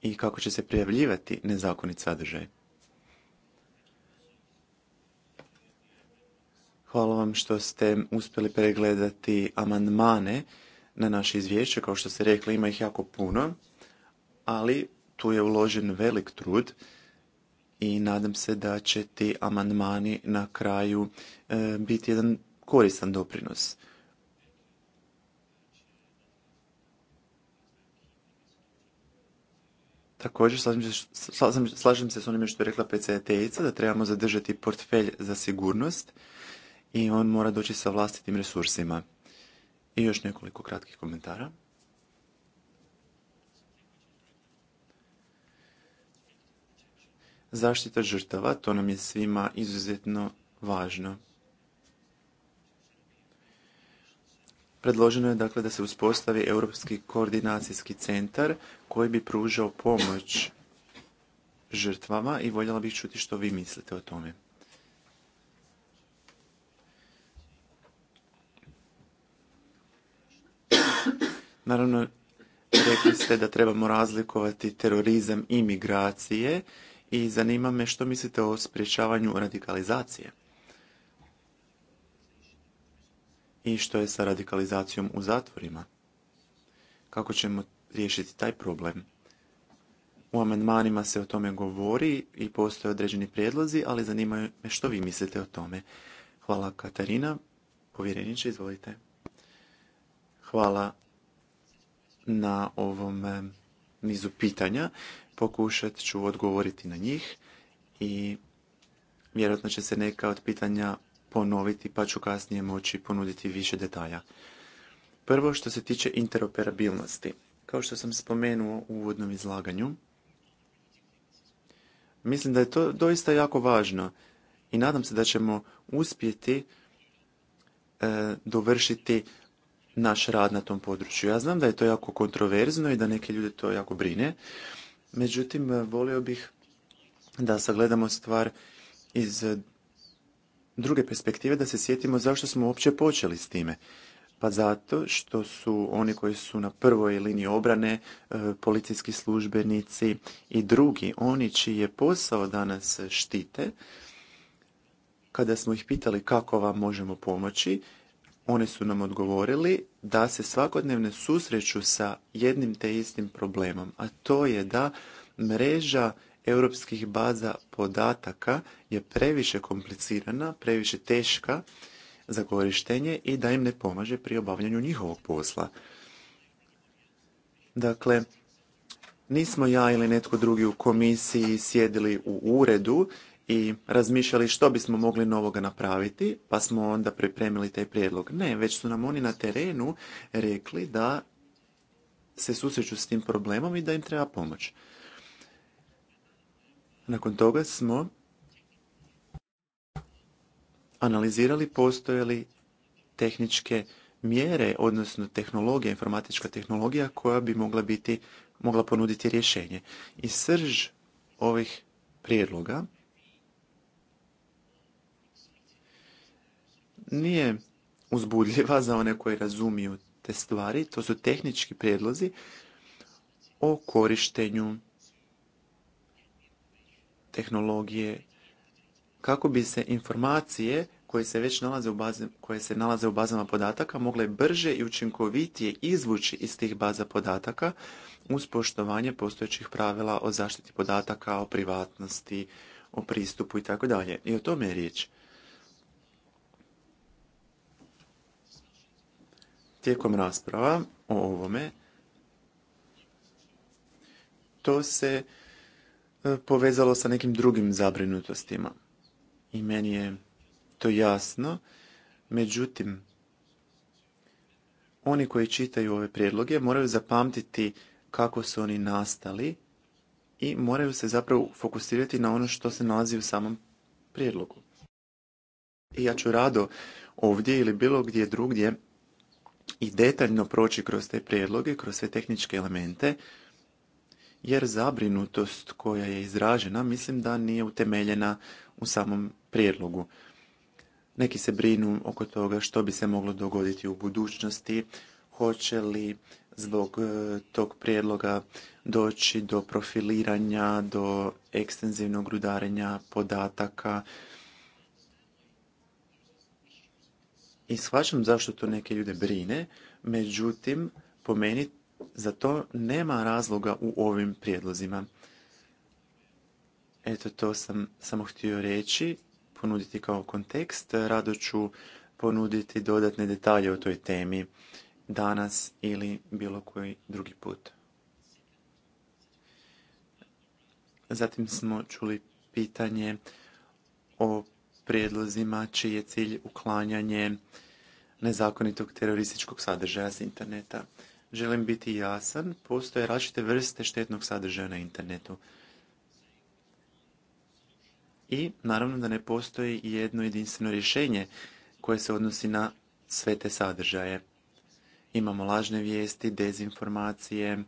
i kako će se prijavljivati nezakonit sadržaj. Hvala vam što ste uspjeli pregledati amandmane na naše izvješće. Kao što ste rekli, ima ih jako puno, ali tu je uložen velik trud i nadam se da će ti amandmani na kraju e, biti jedan koristan doprinos. Također slažem se s onime što je rekla predsjedateljica da trebamo zadržati portfelj za sigurnost i on mora doći sa vlastitim resursima. I još nekoliko kratkih komentara. Zaštita žrtava, to nam je svima izuzetno važno. Predloženo je dakle da se uspostavi Europski koordinacijski centar koji bi pružao pomoć žrtvama i voljela bih čuti što vi mislite o tome. Naravno, rekli ste da trebamo razlikovati terorizam i migracije i zanima me što mislite o sprječavanju radikalizacije. I što je sa radikalizacijom u zatvorima? Kako ćemo riješiti taj problem? U amandmanima se o tome govori i postoje određeni prijedlozi, ali zanima me što vi mislite o tome. Hvala Katarina. Povjereniče, izvolite. Hvala na ovom nizu pitanja. Pokušat ću odgovoriti na njih i vjerojatno će se neka od pitanja ponoviti pa ću kasnije moći ponuditi više detalja. Prvo što se tiče interoperabilnosti. Kao što sam spomenuo u uvodnom izlaganju, mislim da je to doista jako važno i nadam se da ćemo uspjeti e, dovršiti naš rad na tom području. Ja znam da je to jako kontroverzno i da neke ljude to jako brine, međutim, volio bih da sagledamo stvar iz druge perspektive, da se sjetimo zašto smo uopće počeli s time. Pa zato što su oni koji su na prvoj liniji obrane, e, policijski službenici i drugi, oni čiji je posao danas štite, kada smo ih pitali kako vam možemo pomoći, oni su nam odgovorili da se svakodnevno susreću sa jednim te istim problemom, a to je da mreža europskih baza podataka je previše komplicirana, previše teška za korištenje i da im ne pomaže pri obavljanju njihovog posla. Dakle, nismo ja ili netko drugi u komisiji sjedili u uredu i razmišljali što bismo mogli novoga napraviti, pa smo onda pripremili taj prijedlog. Ne, već su nam oni na terenu rekli da se susreću s tim problemom i da im treba pomoć. Nakon toga smo analizirali postoje li tehničke mjere, odnosno tehnologija, informatička tehnologija koja bi mogla biti, mogla ponuditi rješenje. I srž ovih prijedloga nije uzbudljiva za one koji razumiju te stvari. To su tehnički prijedlozi o korištenju tehnologije kako bi se informacije koje se već nalaze u bazi, koje se nalaze u bazama podataka mogle brže i učinkovitije izvući iz tih baza podataka uz poštovanje postojećih pravila o zaštiti podataka, o privatnosti, o pristupu i tako dalje. I o tome je riječ. tijekom rasprava o ovome, to se e, povezalo sa nekim drugim zabrinutostima. I meni je to jasno. Međutim, oni koji čitaju ove prijedloge moraju zapamtiti kako su oni nastali i moraju se zapravo fokusirati na ono što se nalazi u samom prijedlogu. I ja ću rado ovdje ili bilo gdje drugdje i detaljno proći kroz te prijedloge, kroz sve tehničke elemente, jer zabrinutost koja je izražena mislim da nije utemeljena u samom prijedlogu. Neki se brinu oko toga što bi se moglo dogoditi u budućnosti, hoće li zbog e, tog prijedloga doći do profiliranja, do ekstenzivnog rudarenja podataka, i shvaćam zašto to neke ljude brine, međutim, po meni za to nema razloga u ovim prijedlozima. Eto, to sam samo htio reći, ponuditi kao kontekst. Rado ću ponuditi dodatne detalje o toj temi danas ili bilo koji drugi put. Zatim smo čuli pitanje o prijedlozima čiji je cilj uklanjanje nezakonitog terorističkog sadržaja s interneta. Želim biti jasan, postoje različite vrste štetnog sadržaja na internetu. I naravno da ne postoji jedno jedinstveno rješenje koje se odnosi na sve te sadržaje. Imamo lažne vijesti, dezinformacije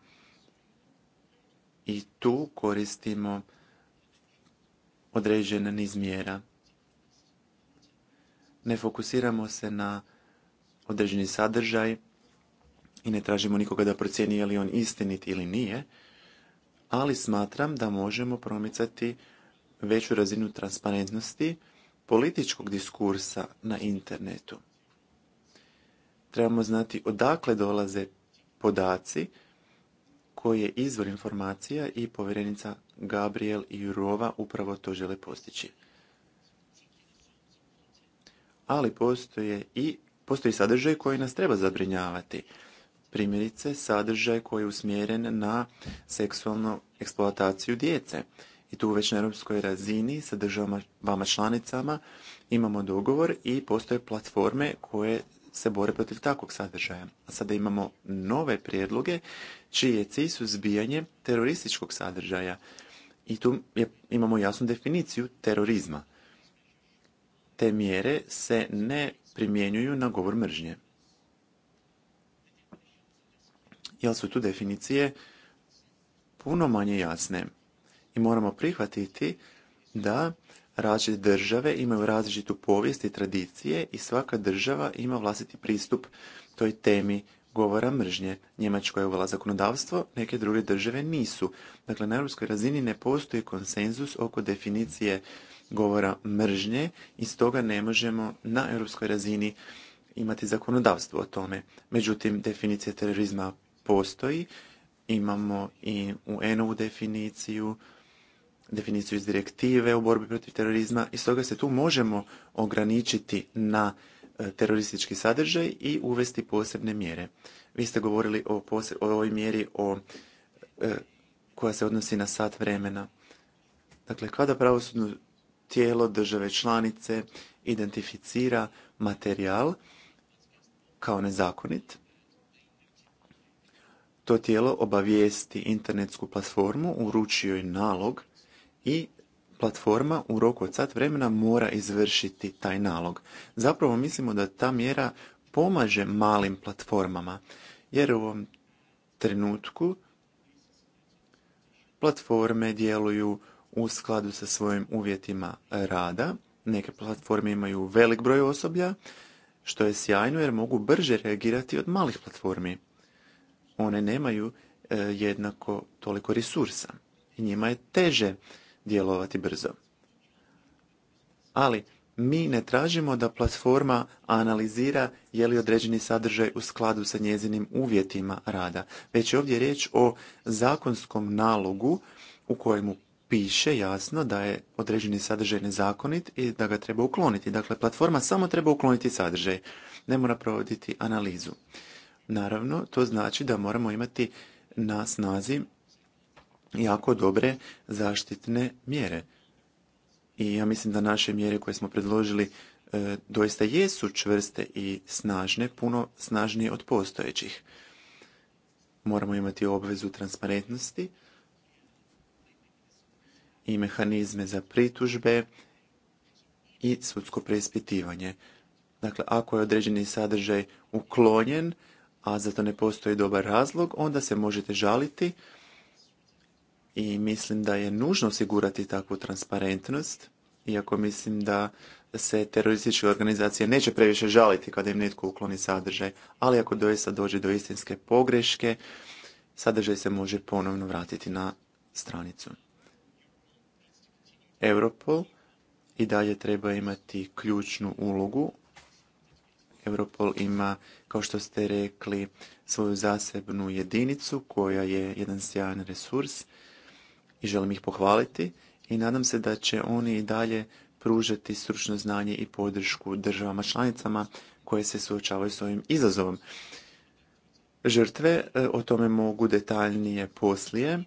i tu koristimo određen niz mjera ne fokusiramo se na određeni sadržaj i ne tražimo nikoga da procijeni je li on istinit ili nije, ali smatram da možemo promicati veću razinu transparentnosti političkog diskursa na internetu. Trebamo znati odakle dolaze podaci koji je izvor informacija i povjerenica Gabriel i Jurova upravo to žele postići ali postoje i postoji sadržaj koji nas treba zabrinjavati. Primjerice, sadržaj koji je usmjeren na seksualnu eksploataciju djece. I tu već na europskoj razini sa državama članicama imamo dogovor i postoje platforme koje se bore protiv takvog sadržaja. A sada imamo nove prijedloge čiji je cilj zbijanje terorističkog sadržaja. I tu je, imamo jasnu definiciju terorizma te mjere se ne primjenjuju na govor mržnje. Jer su tu definicije puno manje jasne. I moramo prihvatiti da različite države imaju različitu povijest i tradicije i svaka država ima vlastiti pristup toj temi govora mržnje. Njemačka je uvela zakonodavstvo, neke druge države nisu. Dakle, na europskoj razini ne postoji konsenzus oko definicije govora mržnje i stoga ne možemo na europskoj razini imati zakonodavstvo o tome. Međutim, definicija terorizma postoji, imamo i u ovu definiciju, definiciju iz direktive o borbi protiv terorizma i stoga se tu možemo ograničiti na e, teroristički sadržaj i uvesti posebne mjere. Vi ste govorili o, ovoj mjeri o, e, koja se odnosi na sat vremena. Dakle, kada pravosudno tijelo države članice identificira materijal kao nezakonit. To tijelo obavijesti internetsku platformu, uručio joj nalog i platforma u roku od sat vremena mora izvršiti taj nalog. Zapravo mislimo da ta mjera pomaže malim platformama, jer u ovom trenutku platforme djeluju u skladu sa svojim uvjetima rada. Neke platforme imaju velik broj osoblja, što je sjajno jer mogu brže reagirati od malih platformi. One nemaju e, jednako toliko resursa i njima je teže djelovati brzo. Ali mi ne tražimo da platforma analizira je li određeni sadržaj u skladu sa njezinim uvjetima rada, već je ovdje riječ o zakonskom nalogu u kojemu piše jasno da je određeni sadržaj nezakonit i da ga treba ukloniti. Dakle, platforma samo treba ukloniti sadržaj, ne mora provoditi analizu. Naravno, to znači da moramo imati na snazi jako dobre zaštitne mjere. I ja mislim da naše mjere koje smo predložili e, doista jesu čvrste i snažne, puno snažnije od postojećih. Moramo imati obvezu transparentnosti i mehanizme za pritužbe i sudsko preispitivanje. Dakle, ako je određeni sadržaj uklonjen, a za to ne postoji dobar razlog, onda se možete žaliti i mislim da je nužno osigurati takvu transparentnost, iako mislim da se terorističke organizacije neće previše žaliti kada im netko ukloni sadržaj, ali ako doista dođe do istinske pogreške, sadržaj se može ponovno vratiti na stranicu. Europol i dalje treba imati ključnu ulogu. Europol ima, kao što ste rekli, svoju zasebnu jedinicu koja je jedan sjajan resurs i želim ih pohvaliti i nadam se da će oni i dalje pružati stručno znanje i podršku državama članicama koje se suočavaju s ovim izazovom. Žrtve e, o tome mogu detaljnije poslije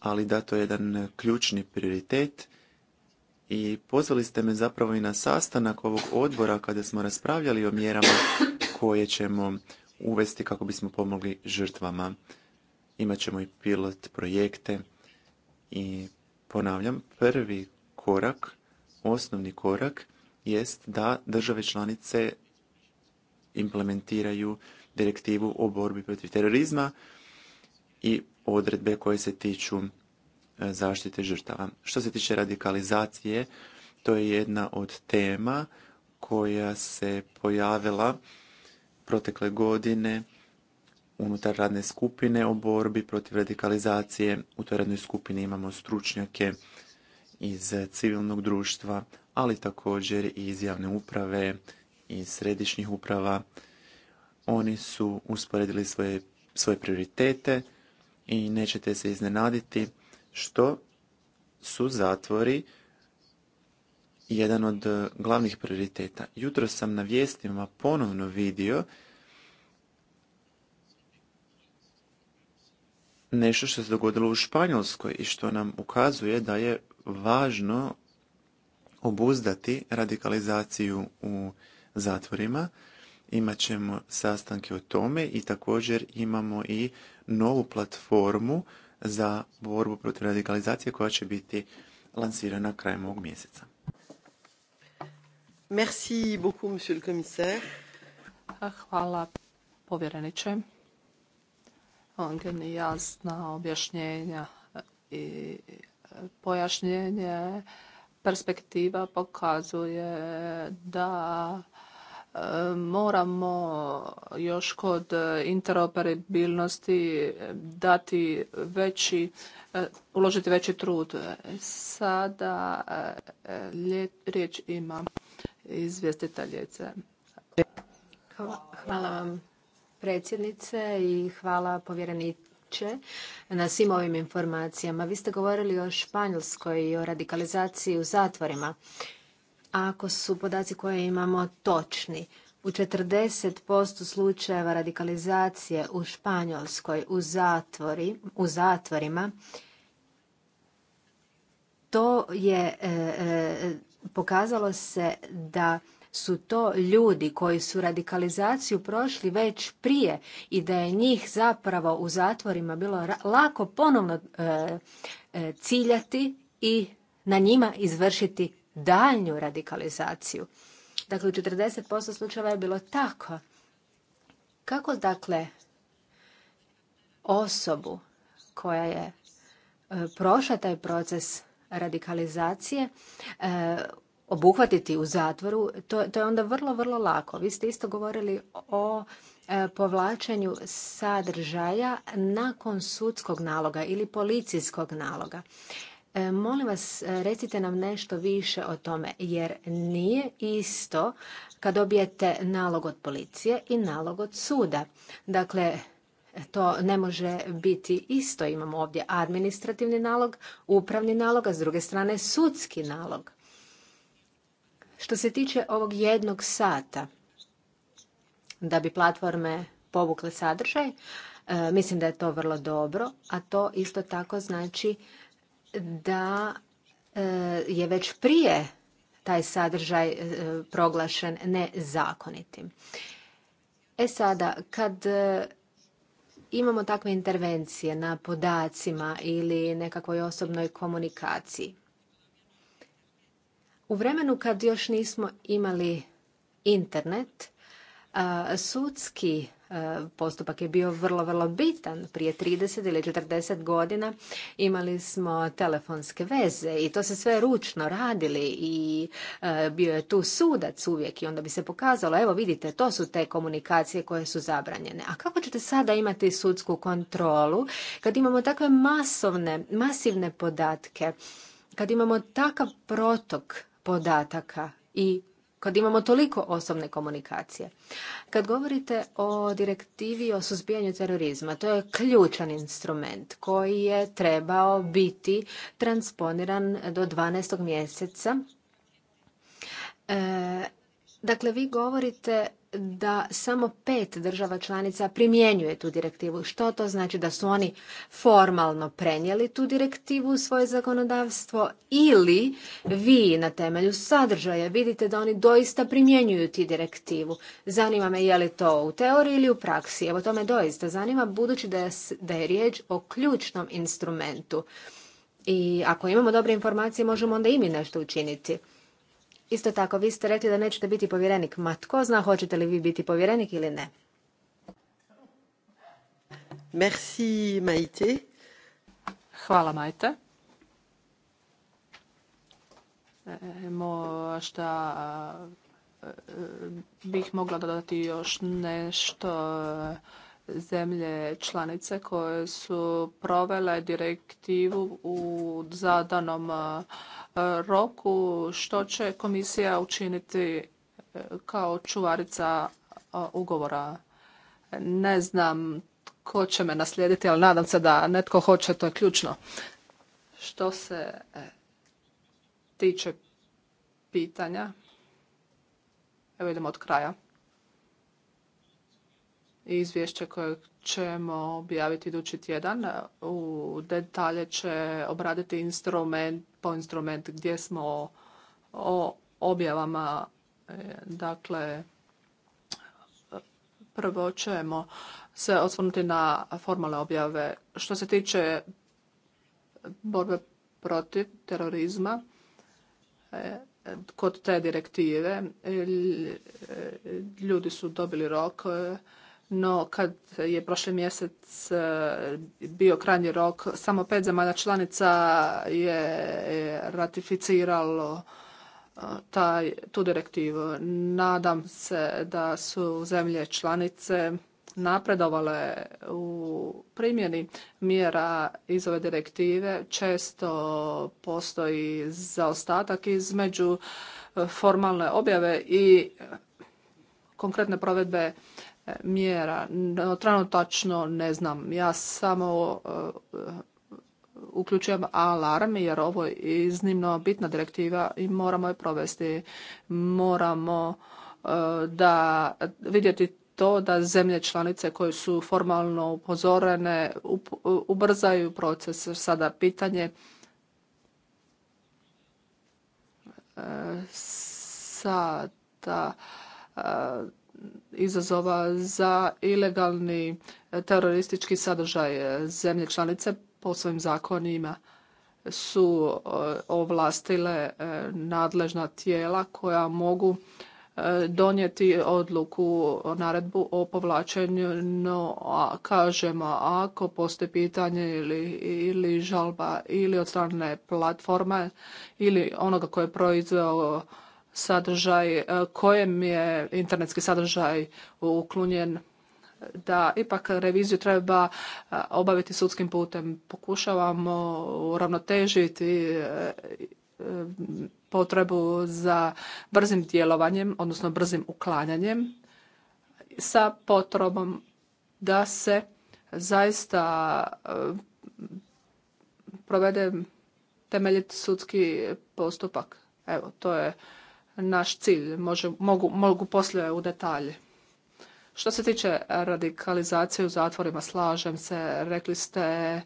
ali da to je jedan ključni prioritet i pozvali ste me zapravo i na sastanak ovog odbora kada smo raspravljali o mjerama koje ćemo uvesti kako bismo pomogli žrtvama. Imaćemo i pilot projekte i ponavljam, prvi korak, osnovni korak jest da države članice implementiraju direktivu o borbi protiv terorizma i odredbe koje se tiču e, zaštite žrtava. Što se tiče radikalizacije, to je jedna od tema koja se pojavila protekle godine unutar radne skupine o borbi protiv radikalizacije. U toj radnoj skupini imamo stručnjake iz civilnog društva, ali također i iz javne uprave, iz središnjih uprava. Oni su usporedili svoje, svoje prioritete i nećete se iznenaditi što su zatvori jedan od eh, glavnih prioriteta. Jutro sam na vijestima ponovno vidio nešto što se dogodilo u Španjolskoj i što nam ukazuje da je važno obuzdati radikalizaciju u zatvorima imat ćemo sastanke o tome i također imamo i novu platformu za borbu protiv radikalizacije koja će biti lansirana krajem ovog mjeseca.
Merci beaucoup, monsieur le commissaire. Hvala povjereniče. Ongen i jasna objašnjenja i pojašnjenje perspektiva pokazuje da moramo još kod interoperabilnosti dati veći, uložiti veći trud. Sada e, e, riječ ima
izvjestiteljice. Hvala vam predsjednice i hvala povjereniče na svim ovim informacijama. Vi ste govorili o Španjolskoj i o radikalizaciji u zatvorima ako su podaci koje imamo točni. U 40% slučajeva radikalizacije u Španjolskoj u, zatvori, u zatvorima to je e, e, pokazalo se da su to ljudi koji su radikalizaciju prošli već prije i da je njih zapravo u zatvorima bilo lako ponovno e, ciljati i na njima izvršiti daljnju radikalizaciju. Dakle, u 40% slučajeva je bilo tako. Kako dakle osobu koja je e, prošla taj proces radikalizacije e, obuhvatiti u zatvoru, to, to je onda vrlo, vrlo lako. Vi ste isto govorili o e, povlačenju sadržaja nakon sudskog naloga ili policijskog naloga. E, molim vas, e, recite nam nešto više o tome, jer nije isto kad dobijete nalog od policije i nalog od suda. Dakle, to ne može biti isto. Imamo ovdje administrativni nalog, upravni nalog, a s druge strane sudski nalog. Što se tiče ovog jednog sata, da bi platforme povukle sadržaj, e, mislim da je to vrlo dobro, a to isto tako znači da e, je već prije taj sadržaj e, proglašen nezakonitim. E sada, kad e, imamo takve intervencije na podacima ili nekakvoj osobnoj komunikaciji, u vremenu kad još nismo imali internet, Sudski e, postupak je bio vrlo, vrlo bitan. Prije 30 ili 40 godina imali smo telefonske veze i to se sve ručno radili i e, bio je tu sudac uvijek i onda bi se pokazalo, evo vidite, to su te komunikacije koje su zabranjene. A kako ćete sada imati sudsku kontrolu kad imamo takve masovne, masivne podatke, kad imamo takav protok podataka i kad imamo toliko osobne komunikacije. Kad govorite o direktivi o suzbijanju terorizma, to je ključan instrument koji je trebao biti transponiran do 12. mjeseca. E, dakle, vi govorite da samo pet država članica primjenjuje tu direktivu. Što to znači da su oni formalno prenijeli tu direktivu u svoje zakonodavstvo ili vi na temelju sadržaja vidite da oni doista primjenjuju ti direktivu. Zanima me je li to u teoriji ili u praksi. Evo to me doista zanima budući da je, da je riječ o ključnom instrumentu. I ako imamo dobre informacije možemo onda i mi nešto učiniti. Isto tako, vi ste rekli da nećete biti povjerenik. Ma tko zna hoćete li vi biti povjerenik ili ne?
Merci, Maite. Hvala, Majte. Možda e, e, bih mogla dodati još nešto zemlje članice koje su provele direktivu u zadanom e, roku. Što će komisija učiniti e, kao čuvarica e, ugovora? Ne znam tko će me naslijediti, ali nadam se da netko hoće, to je ključno. Što se tiče pitanja, evo idemo od kraja izvješće koje ćemo objaviti idući tjedan. U detalje će obraditi instrument po instrument gdje smo o objavama. E, dakle, prvo ćemo se osvrnuti na formalne objave. Što se tiče borbe protiv terorizma, e, kod te direktive e, ljudi su dobili rok no kad je prošli mjesec eh, bio krajnji rok, samo pet zemalja članica je ratificiralo eh, taj, tu direktivu. Nadam se da su zemlje članice napredovale u primjeni mjera iz ove direktive. Često postoji zaostatak između eh, formalne objave i konkretne provedbe E, mjera. No, trenutačno ne znam. Ja samo e, uključujem alarm jer ovo je iznimno bitna direktiva i moramo je provesti. Moramo e, da vidjeti to da zemlje članice koje su formalno upozorene ubrzaju proces. Sada pitanje sada izazova za ilegalni e, teroristički sadržaj. E, zemlje članice po svojim zakonima su e, ovlastile nadležna tijela koja mogu donijeti odluku o naredbu o povlačenju, no kažemo ako postoji pitanje ili, ili žalba ili od strane platforme ili onoga koje je proizveo sadržaj, e, kojem je internetski sadržaj uklonjen da ipak reviziju treba e, obaviti sudskim putem. Pokušavamo uravnotežiti e, potrebu za brzim djelovanjem, odnosno brzim uklanjanjem sa potrebom da se zaista provede temeljit sudski postupak. Evo, to je naš cilj. Može, mogu, mogu poslije u detalje. Što se tiče radikalizacije u zatvorima, slažem se. Rekli ste e,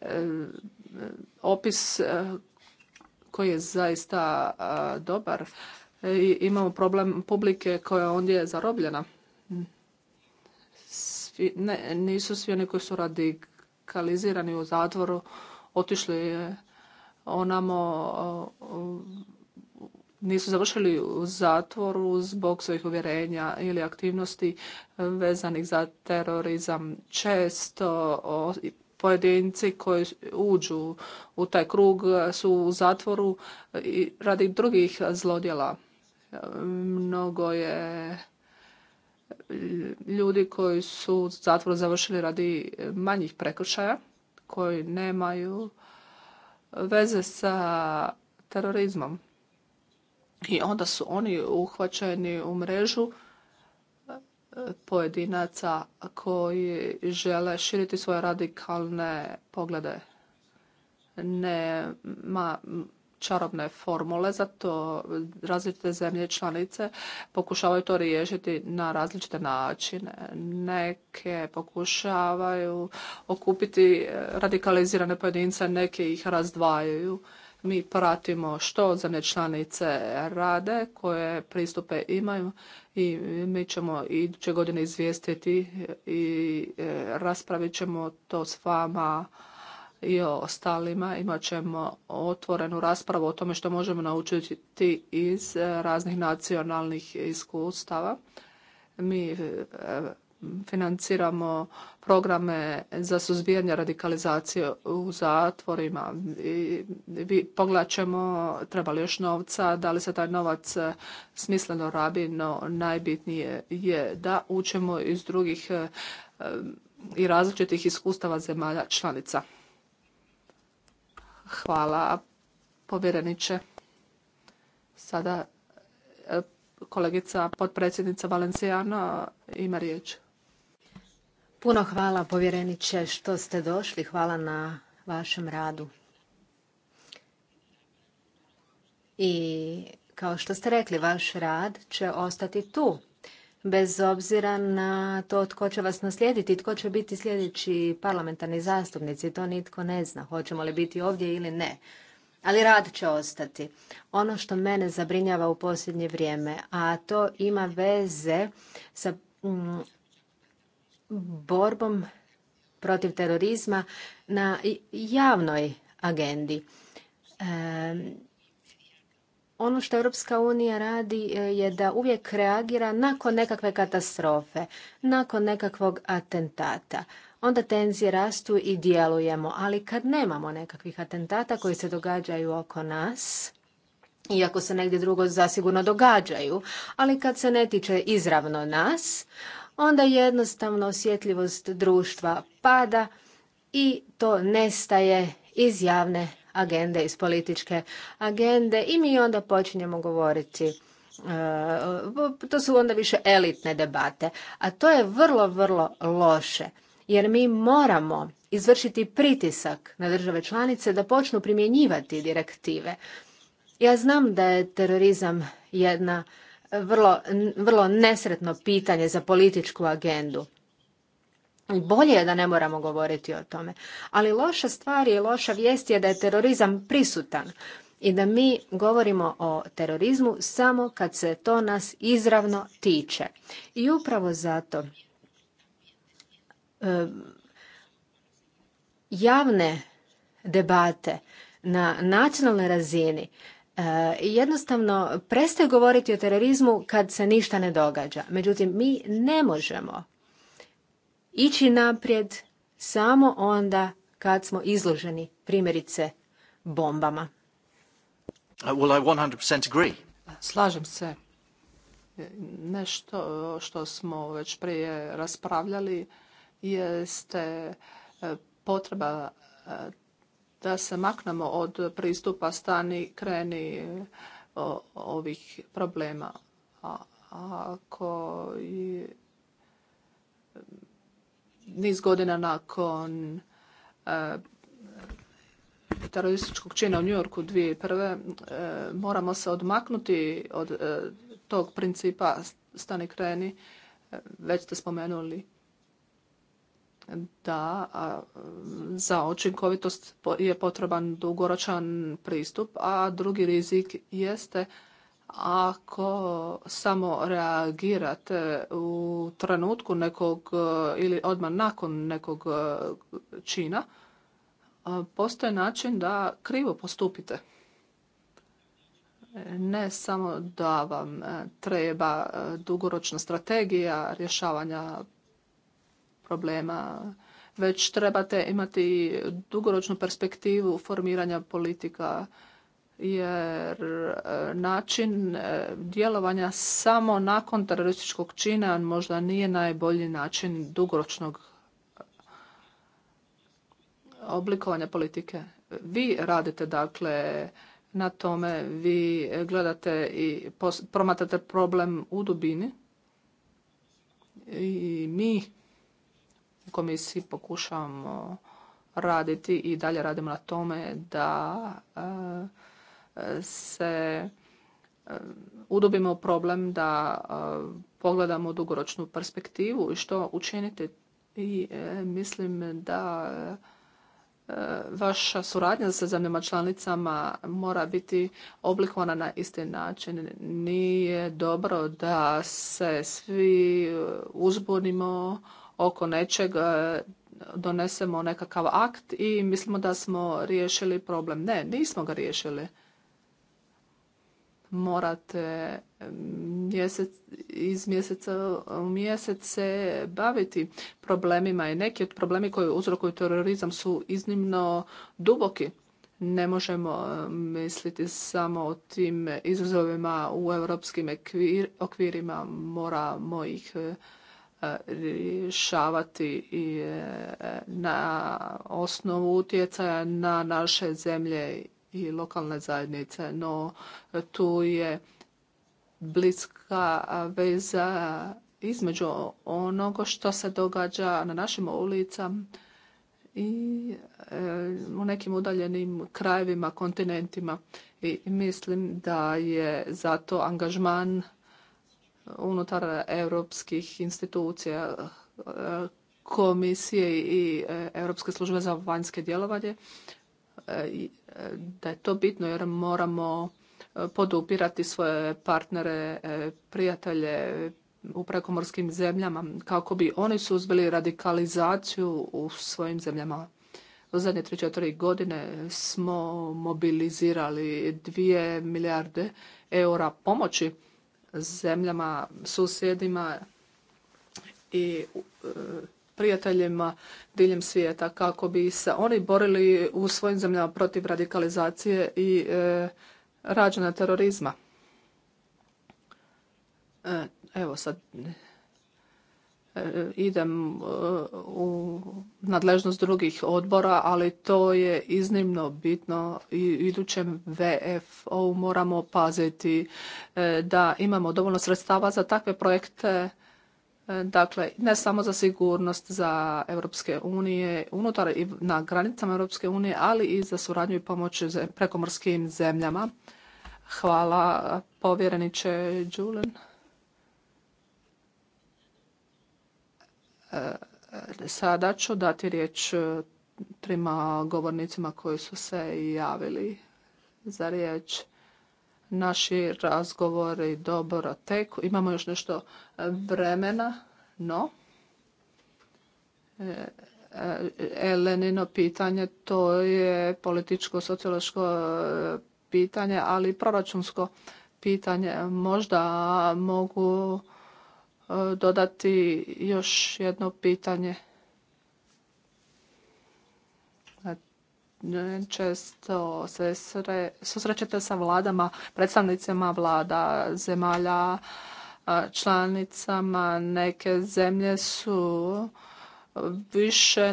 e, opis e, koji je zaista dobar. I imamo problem publike koja ondje je zarobljena. nisu svi oni koji su radikalizirani u zatvoru otišli onamo nisu završili u zatvoru zbog svojih uvjerenja ili aktivnosti vezanih za terorizam. Često pojedinci koji uđu u taj krug su u zatvoru i radi drugih zlodjela. Mnogo je ljudi koji su u zatvoru završili radi manjih prekršaja koji nemaju veze sa terorizmom i onda su oni uhvaćeni u mrežu e, pojedinaca koji žele širiti svoje radikalne poglede. Nema čarobne formule, zato različite zemlje članice pokušavaju to riješiti na različite načine. Neke pokušavaju okupiti e, radikalizirane pojedince, neke ih razdvajaju. Mi pratimo što zemlje članice rade, koje pristupe imaju i mi ćemo iduće godine izvijestiti i e, raspravit ćemo to s vama i o ostalima. Imat ćemo otvorenu raspravu o tome što možemo naučiti iz e, raznih nacionalnih iskustava. Mi e, financiramo programe za suzbijanje radikalizacije u zatvorima. I pogledat ćemo treba li još novca, da li se taj novac smisleno rabi, no najbitnije je da učemo iz drugih e, i različitih iskustava zemalja članica. Hvala, povjereniče. Sada
e, kolegica potpredsjednica Valencijana ima riječ. Puno hvala povjereniče što ste došli. Hvala na vašem radu. I kao što ste rekli, vaš rad će ostati tu. Bez obzira na to tko će vas naslijediti, tko će biti sljedeći parlamentarni zastupnici, to nitko ne zna, hoćemo li biti ovdje ili ne. Ali rad će ostati. Ono što mene zabrinjava u posljednje vrijeme, a to ima veze sa mm, borbom protiv terorizma na javnoj agendi. ono što Europska unija radi e, je da uvijek reagira nakon nekakve katastrofe, nakon nekakvog atentata. Onda tenzije rastu i djelujemo, ali kad nemamo nekakvih atentata koji se događaju oko nas, iako se negdje drugo zasigurno događaju, ali kad se ne tiče izravno nas, onda jednostavno osjetljivost društva pada i to nestaje iz javne agende, iz političke agende i mi onda počinjemo govoriti e, to su onda više elitne debate, a to je vrlo, vrlo loše jer mi moramo izvršiti pritisak na države članice da počnu primjenjivati direktive. Ja znam da je terorizam jedna vrlo, nesretno pitanje za političku agendu. Bolje je da ne moramo govoriti o tome. Ali loša stvar i loša vijest je da je terorizam prisutan i da mi govorimo o terorizmu samo kad se to nas izravno tiče. I upravo zato e, javne debate na nacionalnoj razini E, jednostavno prestaju govoriti o terorizmu kad se ništa ne događa. Međutim, mi ne možemo ići naprijed samo onda kad smo izloženi primjerice bombama.
Uh, well, I 100% agree.
Slažem se.
E, nešto e, što smo već prije raspravljali jeste potreba da se maknemo od pristupa stani kreni ovih problema. A ako je niz godina nakon e, terorističkog čina u New Yorku 2001. E, moramo se odmaknuti od e, tog principa stani kreni. Već ste spomenuli da za učinkovitost je potreban dugoročan pristup, a drugi rizik jeste ako samo reagirate u trenutku nekog ili odmah nakon nekog čina, postoje način da krivo postupite. Ne samo da vam e, treba e, dugoročna strategija rješavanja problema, već trebate imati dugoročnu perspektivu formiranja politika jer e, način e, djelovanja samo nakon terorističkog čina možda nije najbolji način dugoročnog e, oblikovanja politike. Vi radite dakle na tome, vi gledate i promatrate problem u dubini i mi komisiji pokušavamo raditi i dalje radimo na tome da e, se e, udobimo problem, da e, pogledamo dugoročnu perspektivu i što učiniti. I mislim da vaša suradnja sa zemljama članicama mora biti oblikovana na isti način. Nije dobro da se svi uzbunimo oko nečeg e, donesemo nekakav akt i mislimo da smo riješili problem. Ne, nismo ga riješili. Morate mm, iz mjeseca u mjesec se baviti problemima i neki od problemi koji uzrokuju terorizam su iznimno duboki. Ne možemo mm, misliti samo o tim izazovima u europskim okvirima, moramo ih e, rješavati i e, na osnovu utjecaja na naše zemlje i lokalne zajednice, no tu je bliska veza između onoga što se događa na našim ulicama i e, u nekim udaljenim krajevima, kontinentima. I mislim da je zato angažman unutar europskih institucija e, komisije i e, Europske službe za vanjske djelovanje, e, da je to bitno jer moramo podupirati svoje partnere, prijatelje u prekomorskim zemljama kako bi oni suzbili radikalizaciju u svojim zemljama. U zadnje 3-4 godine smo mobilizirali 2 milijarde eura pomoći zemljama, susjedima i e, prijateljima diljem svijeta kako bi se oni borili u svojim zemljama protiv radikalizacije i e, rađena terorizma. E, evo sad E, idem e, u nadležnost drugih odbora, ali to je iznimno bitno i u idućem VFO moramo paziti e, da imamo dovoljno sredstava za takve projekte Dakle, ne samo za sigurnost za Europske unije, unutar i na granicama Europske unije, ali i za suradnju i pomoć prekomorskim zemljama. Hvala povjereniče Đulen. Sada ću dati riječ e, trima govornicima koji su se javili za riječ. Naši razgovori dobro teku. Imamo još nešto vremena, no... E, e, Elenino pitanje, to je političko-sociološko pitanje, ali proračunsko pitanje. Možda mogu dodati još jedno pitanje. Često se susrećete sa vladama, predstavnicima vlada, zemalja, članicama. Neke zemlje su više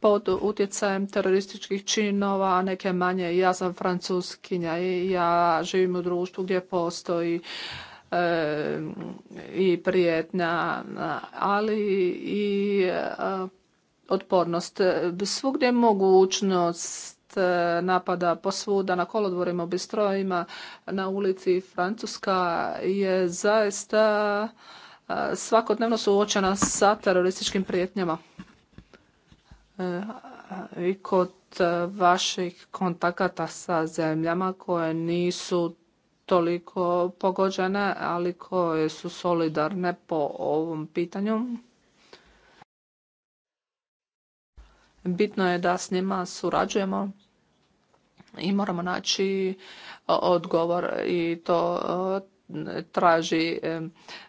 pod utjecajem terorističkih činova, a neke manje. Ja sam francuskinja i ja živim u društvu gdje postoji i prijetnja, ali i e, otpornost. Svugdje mogućnost e, napada posvuda, na kolodvorima, u bistrojima, na ulici Francuska je zaista e, svakodnevno suočena sa terorističkim prijetnjama. I kod vaših kontakata sa zemljama koje nisu toliko pogođene, ali koje su solidarne po ovom pitanju. Bitno je da s njima surađujemo i moramo naći e, odgovor i to e, traži e,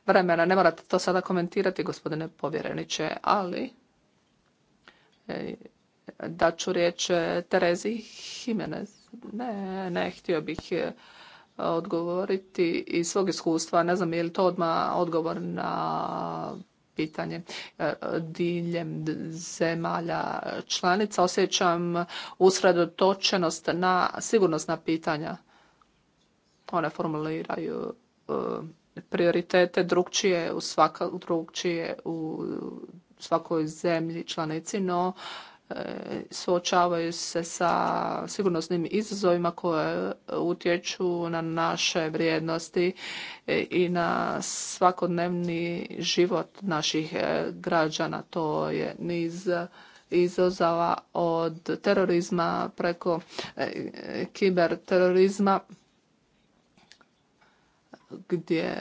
vremena. Ne morate to sada komentirati, gospodine povjereniče, ali ću riječ Terezi Jimenez. Ne, ne, htio bih odgovoriti iz svog iskustva. Ne znam je li to odmah odgovor na pitanje. E, diljem zemalja članica osjećam usredotočenost na sigurnosna pitanja. One formuliraju e, prioritete drugčije u, svaka, drugčije u svakoj zemlji članici, no suočavaju se sa sigurnosnim izazovima koje utječu na naše vrijednosti e, i na svakodnevni život naših e, građana. To je niz izazova od terorizma preko e, kiberterorizma gdje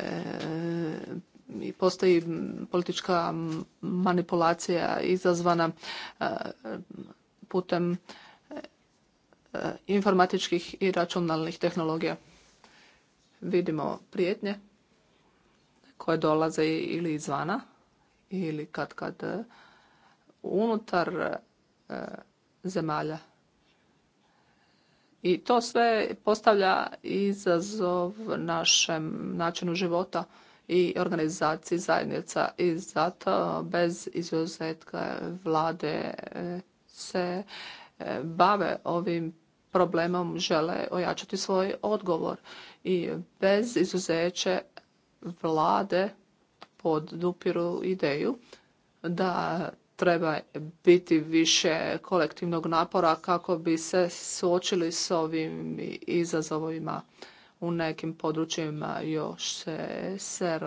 i postoji politička manipulacija izazvana e, putem e, informatičkih i računalnih tehnologija. Vidimo prijetnje koje dolaze ili izvana ili kad kad e, unutar zemalja. I to sve postavlja izazov našem načinu života i organizaciji zajednica i zato bez izuzetka vlade e, se e, bave ovim problemom, žele ojačati svoj odgovor i bez izuzeće vlade podupiru ideju da treba biti više kolektivnog napora kako bi se suočili s ovim izazovima u nekim područjima još se,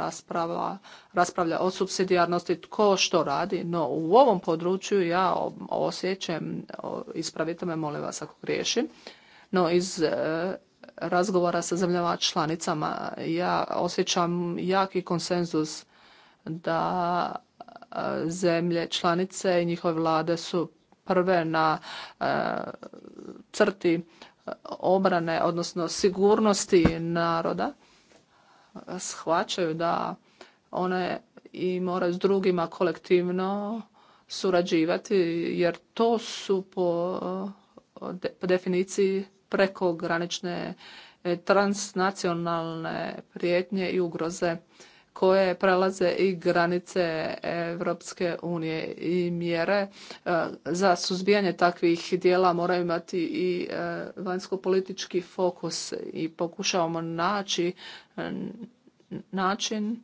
raspravlja o subsidijarnosti tko što radi, no u ovom području ja osjećam, ispravite me molim vas ako griješim, no iz e, razgovora sa zemljama članicama ja osjećam jaki konsenzus da e, zemlje članice i njihove vlade su prve na e, crti obrane, odnosno sigurnosti naroda, shvaćaju da one i moraju s drugima kolektivno surađivati, jer to su po, po definiciji prekogranične e, transnacionalne prijetnje i ugroze koje prelaze i granice Europske unije i mjere e, za suzbijanje takvih dijela moraju imati i e, vanjsko-politički fokus i pokušavamo naći e, način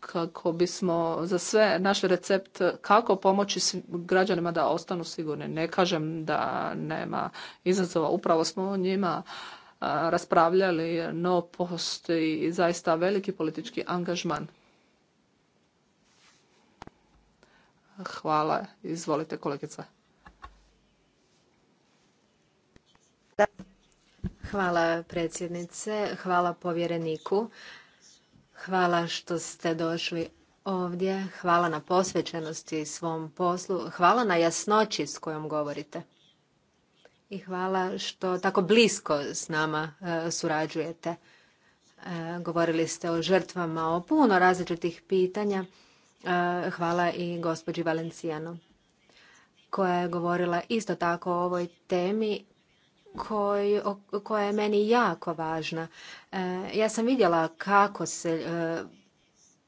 kako bismo za sve naš recept kako pomoći građanima da ostanu sigurni. Ne kažem da nema izazova, upravo smo njima raspravljali, no postoji zaista veliki politički angažman.
Hvala. Izvolite, kolegica. Hvala predsjednice, hvala povjereniku, hvala što ste došli ovdje, hvala na posvećenosti svom poslu, hvala na jasnoći s kojom govorite i hvala što tako blisko s nama e, surađujete. E, govorili ste o žrtvama, o puno različitih pitanja. E, hvala i gospođi Valencijanu koja je govorila isto tako o ovoj temi koja je meni jako važna. ja sam vidjela kako se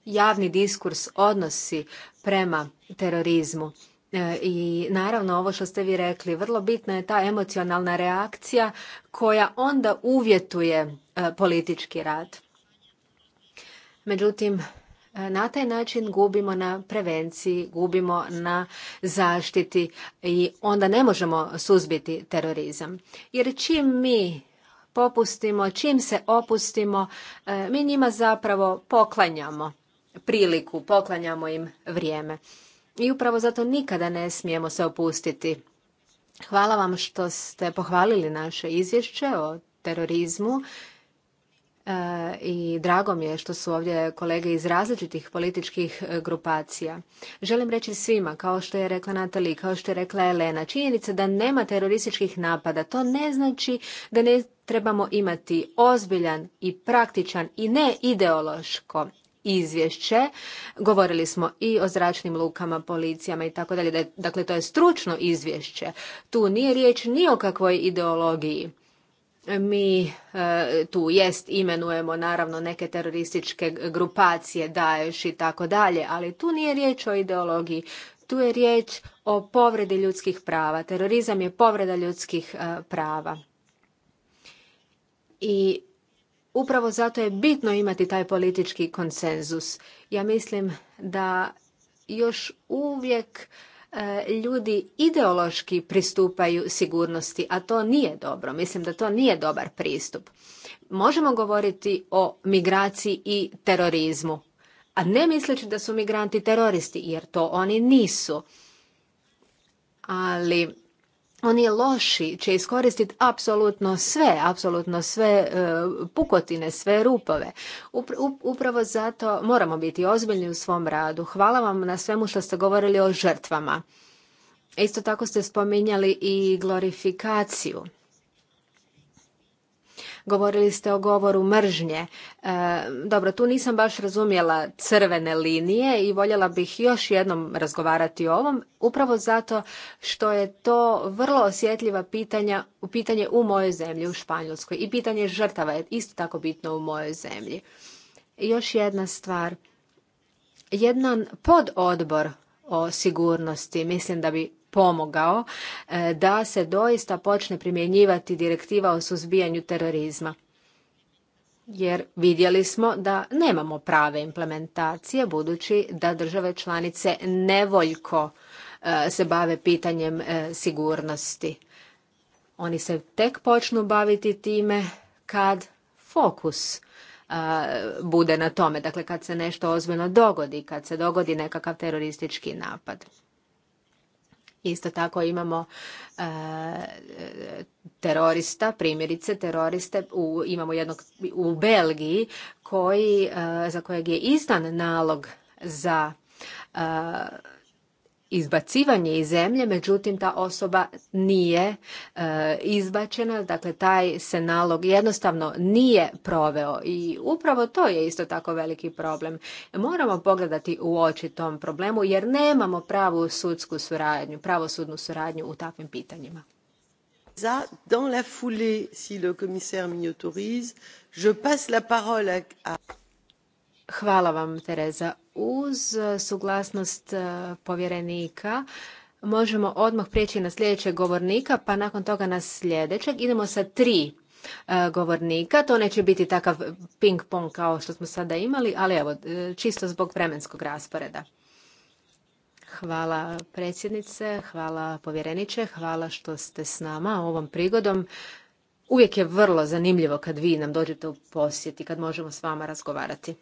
javni diskurs odnosi prema terorizmu. E, I naravno ovo što ste vi rekli, vrlo bitna je ta emocionalna reakcija koja onda uvjetuje e, politički rad. Međutim, e, na taj način gubimo na prevenciji, gubimo na zaštiti i onda ne možemo suzbiti terorizam. Jer čim mi popustimo, čim se opustimo, mi njima zapravo poklanjamo priliku, poklanjamo im vrijeme. I upravo zato nikada ne smijemo se opustiti. Hvala vam što ste pohvalili naše izvješće o terorizmu e, i drago mi je što su ovdje kolege iz različitih političkih grupacija. Želim reći svima, kao što je rekla Natali, kao što je rekla Elena, činjenica da nema terorističkih napada, to ne znači da ne trebamo imati ozbiljan i praktičan i ne ideološko izvješće. Govorili smo i o zračnim lukama, policijama i tako dalje. Dakle, to je stručno izvješće. Tu nije riječ ni o kakvoj ideologiji. Mi e, tu jest imenujemo naravno neke terorističke grupacije, daješ i tako dalje, ali tu nije riječ o ideologiji. Tu je riječ o povredi ljudskih prava. Terorizam je povreda ljudskih e, prava. I upravo zato je bitno imati taj politički konsenzus. Ja mislim da još uvijek e, ljudi ideološki pristupaju sigurnosti, a to nije dobro. Mislim da to nije dobar pristup. Možemo govoriti o migraciji i terorizmu, a ne misleći da su migranti teroristi, jer to oni nisu. Ali on je loši će iskoristiti apsolutno sve, apsolutno sve e, pukotine, sve rupove. Upravo zato moramo biti ozbiljni u svom radu. Hvala vam na svemu što ste govorili o žrtvama. Isto tako ste spominjali i glorifikaciju. Govorili ste o govoru mržnje. E, dobro, tu nisam baš razumjela crvene linije i voljela bih još jednom razgovarati o ovom, upravo zato što je to vrlo osjetljiva pitanja, pitanje u mojoj zemlji, u Španjolskoj. I pitanje žrtava je isto tako bitno u mojoj zemlji. još jedna stvar. Jedan pododbor o sigurnosti mislim da bi pomogao e, da se doista počne primjenjivati direktiva o suzbijanju terorizma. Jer vidjeli smo da nemamo prave implementacije budući da države članice nevoljko e, se bave pitanjem e, sigurnosti. Oni se tek počnu baviti time kad fokus bude na tome, dakle kad se nešto ozbiljno dogodi, kad se dogodi nekakav teroristički napad. Isto tako imamo e, terorista, primjerice teroriste, u, imamo jednog u Belgiji koji, e, za kojeg je izdan nalog za e, izbacivanje iz zemlje, međutim ta osoba nije e, izbačena, dakle taj se nalog jednostavno nije proveo i upravo to je isto tako veliki problem. Moramo pogledati u oči tom problemu jer nemamo pravu sudsku suradnju, pravosudnu suradnju u takvim pitanjima. Za, dans la foulée, si le commissaire m'y autorise, je passe la parole Hvala vam, Tereza uz suglasnost e, povjerenika možemo odmah prijeći na sljedećeg govornika, pa nakon toga na sljedećeg. Idemo sa tri e, govornika. To neće biti takav ping-pong kao što smo sada imali, ali evo, e, čisto zbog vremenskog rasporeda. Hvala predsjednice, hvala povjereniče, hvala što ste s nama ovom prigodom. Uvijek je vrlo zanimljivo kad vi nam dođete u posjet i kad možemo s vama razgovarati.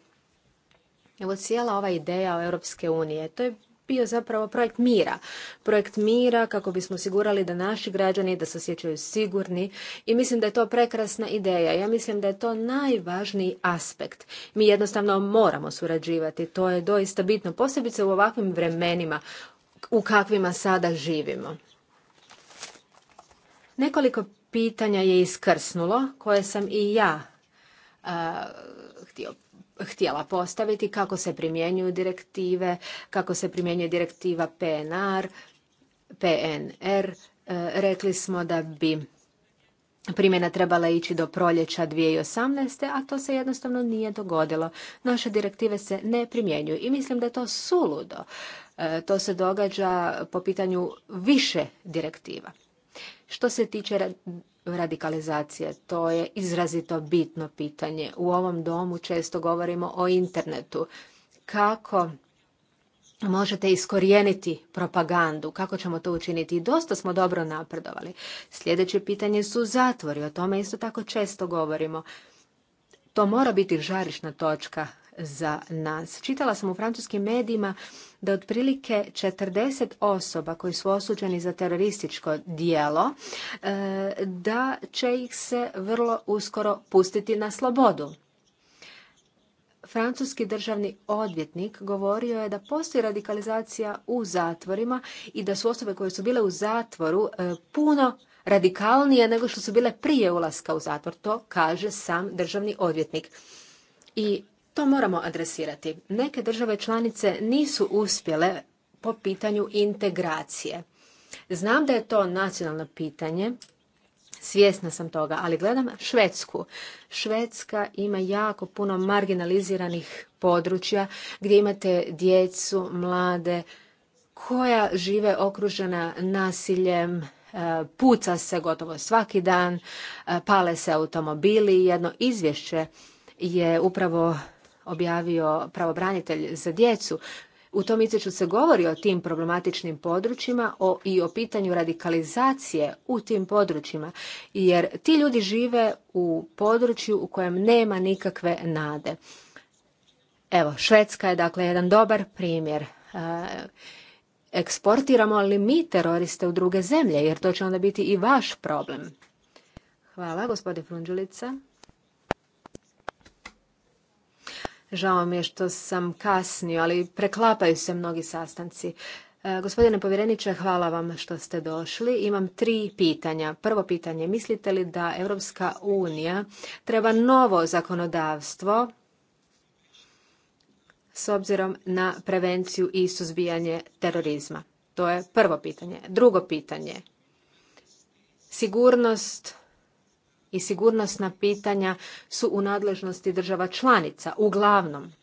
Evo cijela ova ideja o Europske unije, to je bio zapravo projekt mira. Projekt mira kako bismo osigurali da naši građani da se osjećaju sigurni i mislim da je to prekrasna ideja. Ja mislim da je to najvažniji aspekt. Mi jednostavno moramo surađivati. To je doista bitno, posebice u ovakvim vremenima u kakvima sada živimo. Nekoliko pitanja je iskrsnulo koje sam i ja uh, htio htjela postaviti, kako se primjenjuju direktive, kako se primjenjuje direktiva PNR, PNR. E, rekli smo da bi primjena trebala ići do proljeća 2018. a to se jednostavno nije dogodilo. Naše direktive se ne primjenjuju i mislim da je to suludo. E, to se događa po pitanju više direktiva. Što se tiče radikalizacije. To je izrazito bitno pitanje. U ovom domu često govorimo o internetu. Kako možete iskorijeniti propagandu, kako ćemo to učiniti i dosta smo dobro napredovali. Sljedeće pitanje su zatvori, o tome isto tako često govorimo. To mora biti žarišna točka za nas. Čitala sam u francuskim medijima da otprilike 40 osoba koji su osuđeni za terorističko dijelo, e, da će ih se vrlo uskoro pustiti na slobodu. Francuski državni odvjetnik govorio je da postoji radikalizacija u zatvorima i da su osobe koje su bile u zatvoru e, puno radikalnije nego što su bile prije ulaska u zatvor. To kaže sam državni odvjetnik. I moramo adresirati. Neke države članice nisu uspjele po pitanju integracije. Znam da je to nacionalno pitanje, svjesna sam toga, ali gledam Švedsku. Švedska ima jako puno marginaliziranih područja gdje imate djecu, mlade, koja žive okružena nasiljem, e, puca se gotovo svaki dan, e, pale se automobili. Jedno izvješće je upravo objavio pravobranitelj za djecu. U tom izvješću se govori o tim problematičnim područjima o, i o pitanju radikalizacije u tim područjima, jer ti ljudi žive u području u kojem nema nikakve nade. Evo, Švedska je dakle jedan dobar primjer. E, eksportiramo li mi teroriste u druge zemlje, jer to će onda biti i vaš problem. Hvala, gospodine Frunđulica. Žao mi je što sam kasnio, ali preklapaju se mnogi sastanci. E, gospodine povjereniče, hvala vam što ste došli. Imam tri pitanja. Prvo pitanje, mislite li da Europska unija treba novo zakonodavstvo s obzirom na prevenciju i suzbijanje terorizma? To je prvo pitanje. Drugo pitanje, sigurnost i sigurnosna pitanja su u nadležnosti država članica, uglavnom.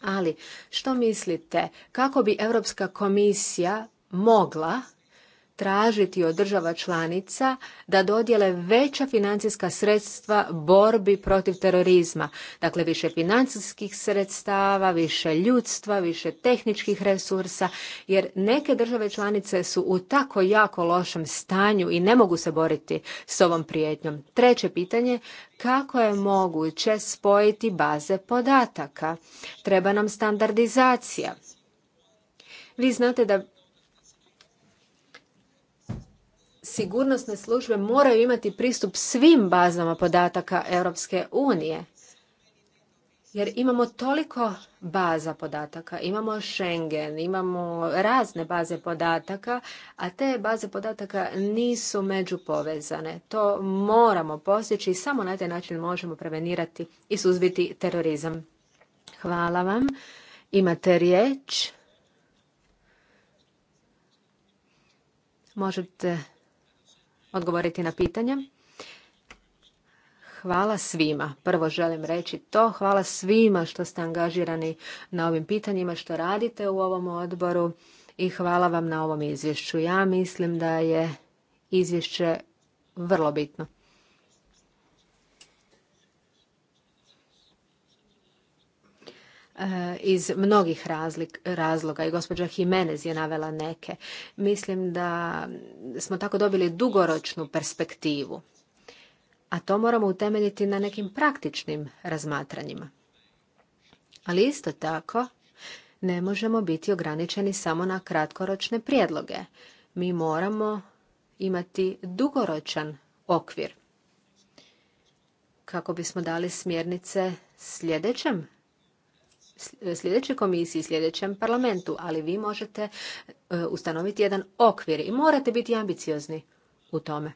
Ali što mislite, kako bi Europska komisija mogla tražiti od država članica da dodjele veća financijska sredstva borbi protiv terorizma. Dakle, više financijskih sredstava, više ljudstva, više tehničkih resursa, jer neke države članice su u tako jako lošem stanju i ne mogu se boriti s ovom prijetnjom. Treće pitanje, kako je moguće spojiti baze podataka? Treba nam standardizacija. Vi znate da sigurnosne službe moraju imati pristup svim bazama podataka Europske unije. Jer imamo toliko baza podataka, imamo Schengen, imamo razne baze podataka, a te baze podataka nisu međupovezane. To moramo postići i samo na taj način možemo prevenirati i suzbiti terorizam. Hvala vam. Imate riječ. Možete odgovoriti na pitanje. Hvala svima. Prvo želim reći to. Hvala svima što ste angažirani na ovim pitanjima, što radite u ovom odboru i hvala vam na ovom izvješću. Ja mislim da je izvješće vrlo bitno. Eh, iz mnogih razlik, razloga i gospođa Jimenez je navela neke. Mislim da smo tako dobili dugoročnu perspektivu, a to moramo utemeljiti na nekim praktičnim razmatranjima. Ali isto tako ne možemo biti ograničeni samo na kratkoročne prijedloge. Mi moramo imati dugoročan okvir kako bismo dali smjernice sljedećem sljedećoj komisiji, sljedećem parlamentu, ali vi možete e, ustanoviti jedan okvir i morate biti ambiciozni u tome.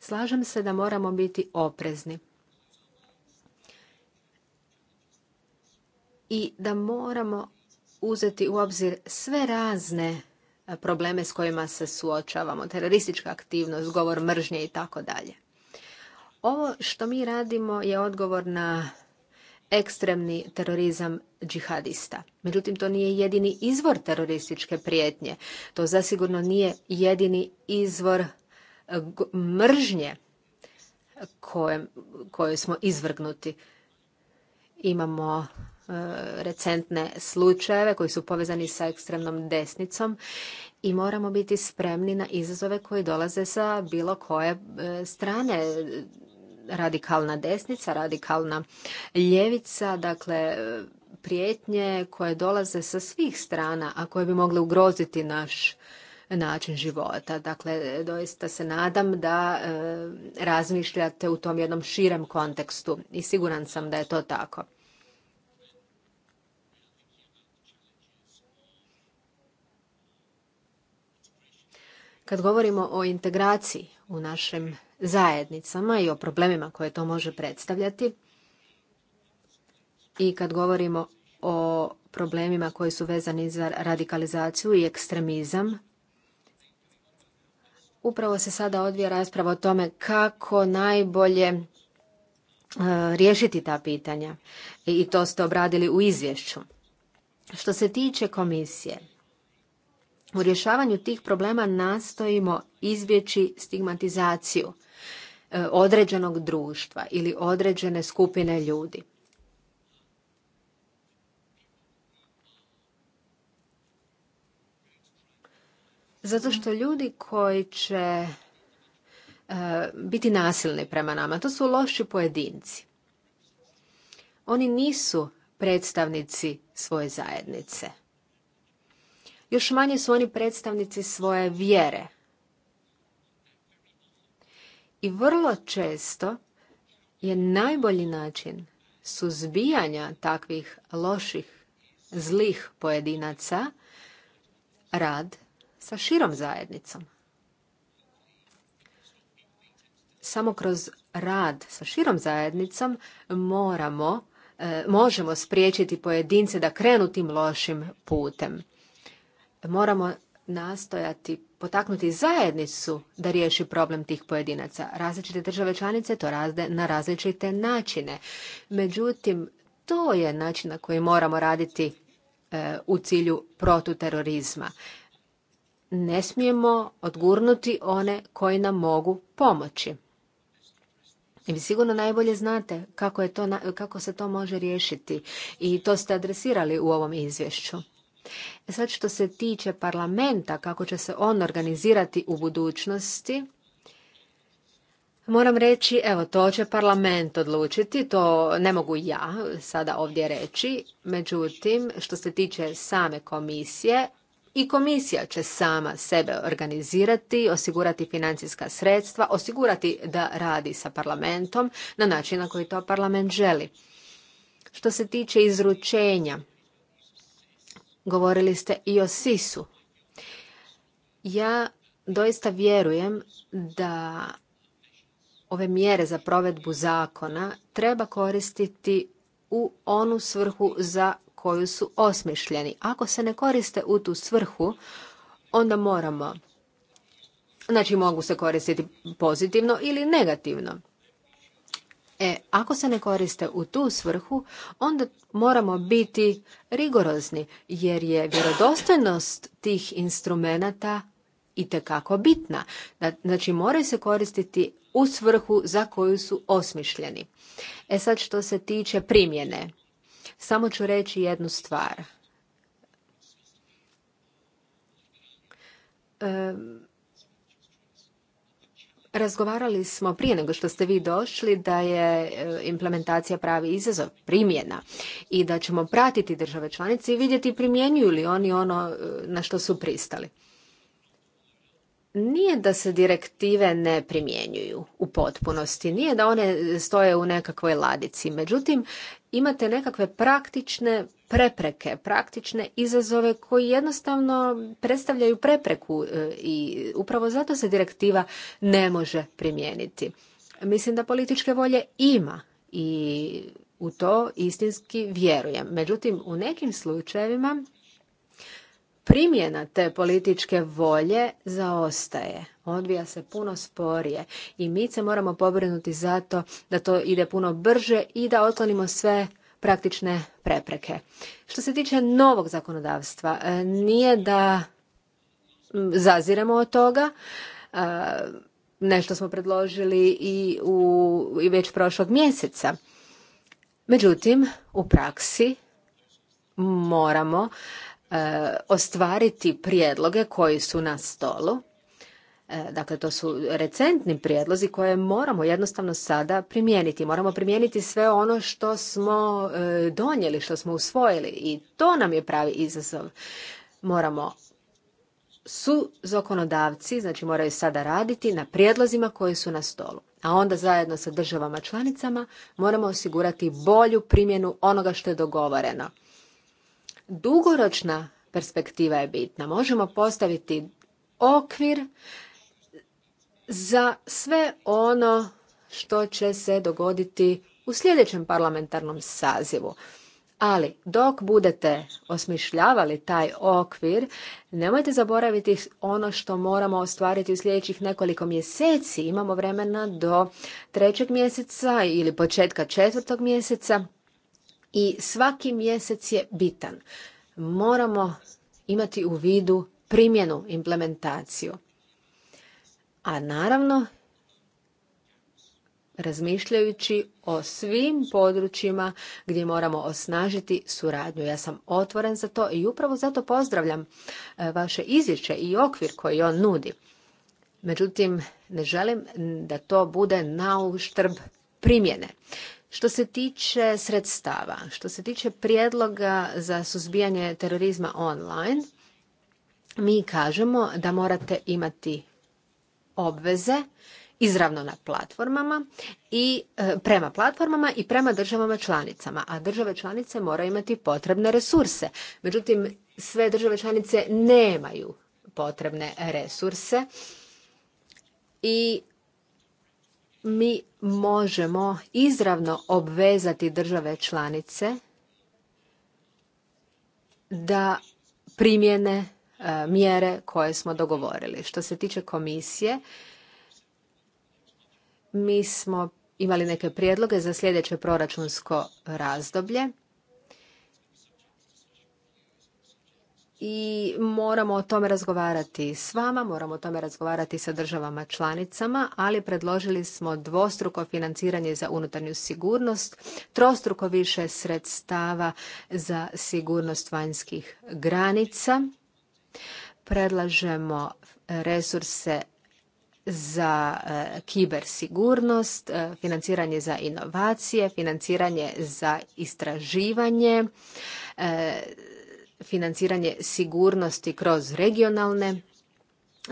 Slažem se da moramo biti oprezni. I da moramo uzeti u obzir sve razne e, probleme s kojima se suočavamo, teroristička aktivnost, govor mržnje i tako dalje. Ovo što mi radimo je odgovor na ekstremni terorizam džihadista. Međutim, to nije jedini izvor terorističke prijetnje. To zasigurno nije jedini izvor e, mržnje koje, smo izvrgnuti. Imamo e, recentne slučajeve koji su povezani sa ekstremnom desnicom i moramo biti spremni na izazove koji dolaze sa bilo koje e, strane radikalna desnica, radikalna ljevica, dakle prijetnje koje dolaze sa svih strana, a koje bi mogle ugroziti naš način života. Dakle, doista se nadam da e, razmišljate u tom jednom širem kontekstu i siguran sam da je to tako. Kad govorimo o integraciji u našem zajednicama i o problemima koje to može predstavljati. I kad govorimo o problemima koji su vezani za radikalizaciju i ekstremizam, upravo se sada odvija rasprava o tome kako najbolje e, riješiti ta pitanja. I to ste obradili u izvješću. Što se tiče komisije, u rješavanju tih problema nastojimo izbjeći stigmatizaciju e, određenog društva ili određene skupine ljudi. Zato što ljudi koji će e, biti nasilni prema nama, to su loši pojedinci. Oni nisu predstavnici svoje zajednice još manje su oni predstavnici svoje vjere. I vrlo često je najbolji način suzbijanja takvih loših, zlih pojedinaca rad sa širom zajednicom. Samo kroz rad sa širom zajednicom moramo, e, možemo spriječiti pojedince da krenu tim lošim putem moramo nastojati potaknuti zajednicu da riješi problem tih pojedinaca. Različite države članice to razde na različite načine. Međutim, to je način na koji moramo raditi e, u cilju protuterorizma. Ne smijemo odgurnuti one koji nam mogu pomoći. I vi sigurno najbolje znate kako, je to, kako se to može riješiti i to ste adresirali u ovom izvješću. E sad što se tiče parlamenta, kako će se on organizirati u budućnosti, Moram reći, evo, to će parlament odlučiti, to ne mogu ja sada ovdje reći. Međutim, što se tiče same komisije, i komisija će sama sebe organizirati, osigurati financijska sredstva, osigurati da radi sa parlamentom na način na koji to parlament želi. Što se tiče izručenja, Govorili ste i o Sisu. Ja doista vjerujem da ove mjere za provedbu zakona treba koristiti u onu svrhu za koju su osmišljeni. Ako se ne koriste u tu svrhu, onda moramo, znači mogu se koristiti pozitivno ili negativno. E, ako se ne koriste u tu svrhu, onda moramo biti rigorozni, jer je vjerodostojnost tih instrumenata itekako bitna. Znači, moraju se koristiti u svrhu za koju su osmišljeni. E sad, što se tiče primjene, samo ću reći jednu stvar. Razgovarali smo prije nego što ste vi došli da je e, implementacija pravi izazov, primjena i da ćemo pratiti države članice i vidjeti primjenjuju li oni ono e, na što su pristali. Nije da se direktive ne primjenjuju u potpunosti, nije da one stoje u nekakvoj ladici. Međutim, imate nekakve praktične prepreke, praktične izazove koji jednostavno predstavljaju prepreku e, i upravo zato se direktiva ne može primijeniti. Mislim da političke volje ima i u to istinski vjerujem. Međutim, u nekim slučajevima primjena te političke volje zaostaje, odvija se puno sporije i mi se moramo pobrinuti za to da to ide puno brže i da otklonimo sve praktične prepreke. Što se tiče novog zakonodavstva, e, nije da zaziremo od toga, e, nešto smo predložili i, u, i već prošlog mjeseca. Međutim, u praksi moramo E, ostvariti prijedloge koji su na stolu. E, dakle, to su recentni prijedlozi koje moramo jednostavno sada primijeniti. Moramo primijeniti sve ono što smo e, donijeli, što smo usvojili i to nam je pravi izazov. Moramo su zakonodavci, znači moraju sada raditi na prijedlozima koji su na stolu. A onda zajedno sa državama članicama moramo osigurati bolju primjenu onoga što je dogovoreno. Dugoročna perspektiva je bitna. Možemo postaviti okvir za sve ono što će se dogoditi u sljedećem parlamentarnom sazivu. Ali dok budete osmišljavali taj okvir, nemojte zaboraviti ono što moramo ostvariti u sljedećih nekoliko mjeseci. Imamo vremena do trećeg mjeseca ili početka četvrtog mjeseca i svaki mjesec je bitan. Moramo imati u vidu primjenu, implementaciju. A naravno, razmišljajući o svim područjima gdje moramo osnažiti suradnju. Ja sam otvoren za to i upravo zato pozdravljam e, vaše izvješće i okvir koji on nudi. Međutim, ne želim da to bude nauštrb primjene. Što se tiče sredstava, što se tiče prijedloga za suzbijanje terorizma online, mi kažemo da morate imati obveze izravno na platformama i e, prema platformama i prema državama članicama, a države članice moraju imati potrebne resurse. Međutim, sve države članice nemaju potrebne resurse i mi možemo izravno obvezati države članice da primjene e, mjere koje smo dogovorili. Što se tiče komisije, mi smo imali neke prijedloge za sljedeće proračunsko razdoblje. i moramo o tome razgovarati s vama, moramo o tome razgovarati sa državama članicama, ali predložili smo dvostruko financiranje za unutarnju sigurnost, trostruko više sredstava za sigurnost vanjskih granica. Predlažemo resurse za e, kibersigurnost, e, financiranje za inovacije, financiranje za istraživanje, e, financiranje sigurnosti kroz regionalne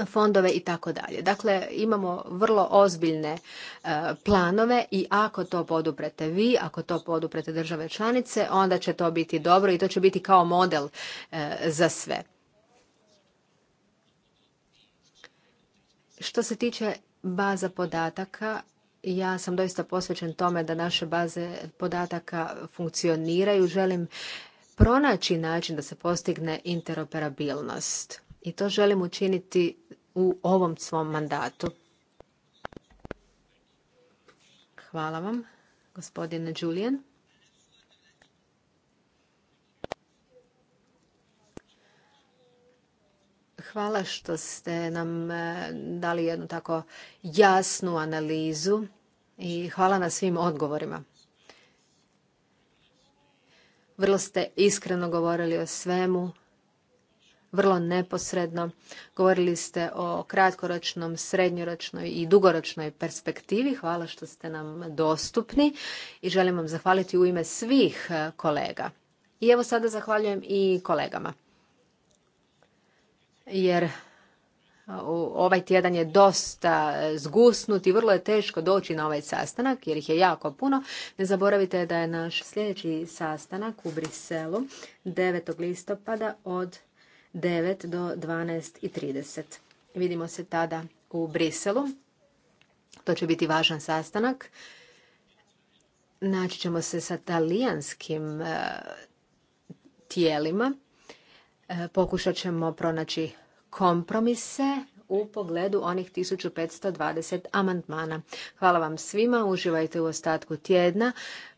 fondove i tako dalje. Dakle, imamo vrlo ozbiljne e, planove i ako to poduprete vi, ako to poduprete države članice, onda će to biti dobro i to će biti kao model e, za sve. Što se tiče baza podataka, ja sam doista posvećen tome da naše baze podataka funkcioniraju. Želim pronaći način da se postigne interoperabilnost. I to želim učiniti u ovom svom mandatu. Hvala vam, gospodine Julian. Hvala što ste nam e, dali jednu tako jasnu analizu i hvala na svim odgovorima. Vrlo ste iskreno govorili o svemu, vrlo neposredno. Govorili ste o kratkoročnom, srednjoročnoj i dugoročnoj perspektivi. Hvala što ste nam dostupni i želim vam zahvaliti u ime svih e, kolega. I evo sada zahvaljujem i kolegama. Jer ovaj tjedan je dosta e, zgusnut i vrlo je teško doći na ovaj sastanak jer ih je jako puno. Ne zaboravite da je naš sljedeći sastanak u Briselu 9. listopada od 9 do 12.30. Vidimo se tada u Briselu. To će biti važan sastanak. Naći ćemo se sa talijanskim e, tijelima. E, pokušat ćemo pronaći kompromise u pogledu onih 1520 amandmana. Hvala vam svima, uživajte u ostatku tjedna.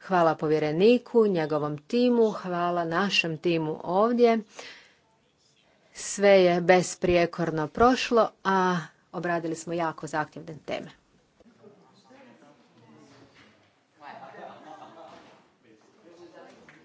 Hvala povjereniku, njegovom timu, hvala našem timu ovdje. Sve je besprijekorno prošlo, a obradili smo jako zahtjevne teme.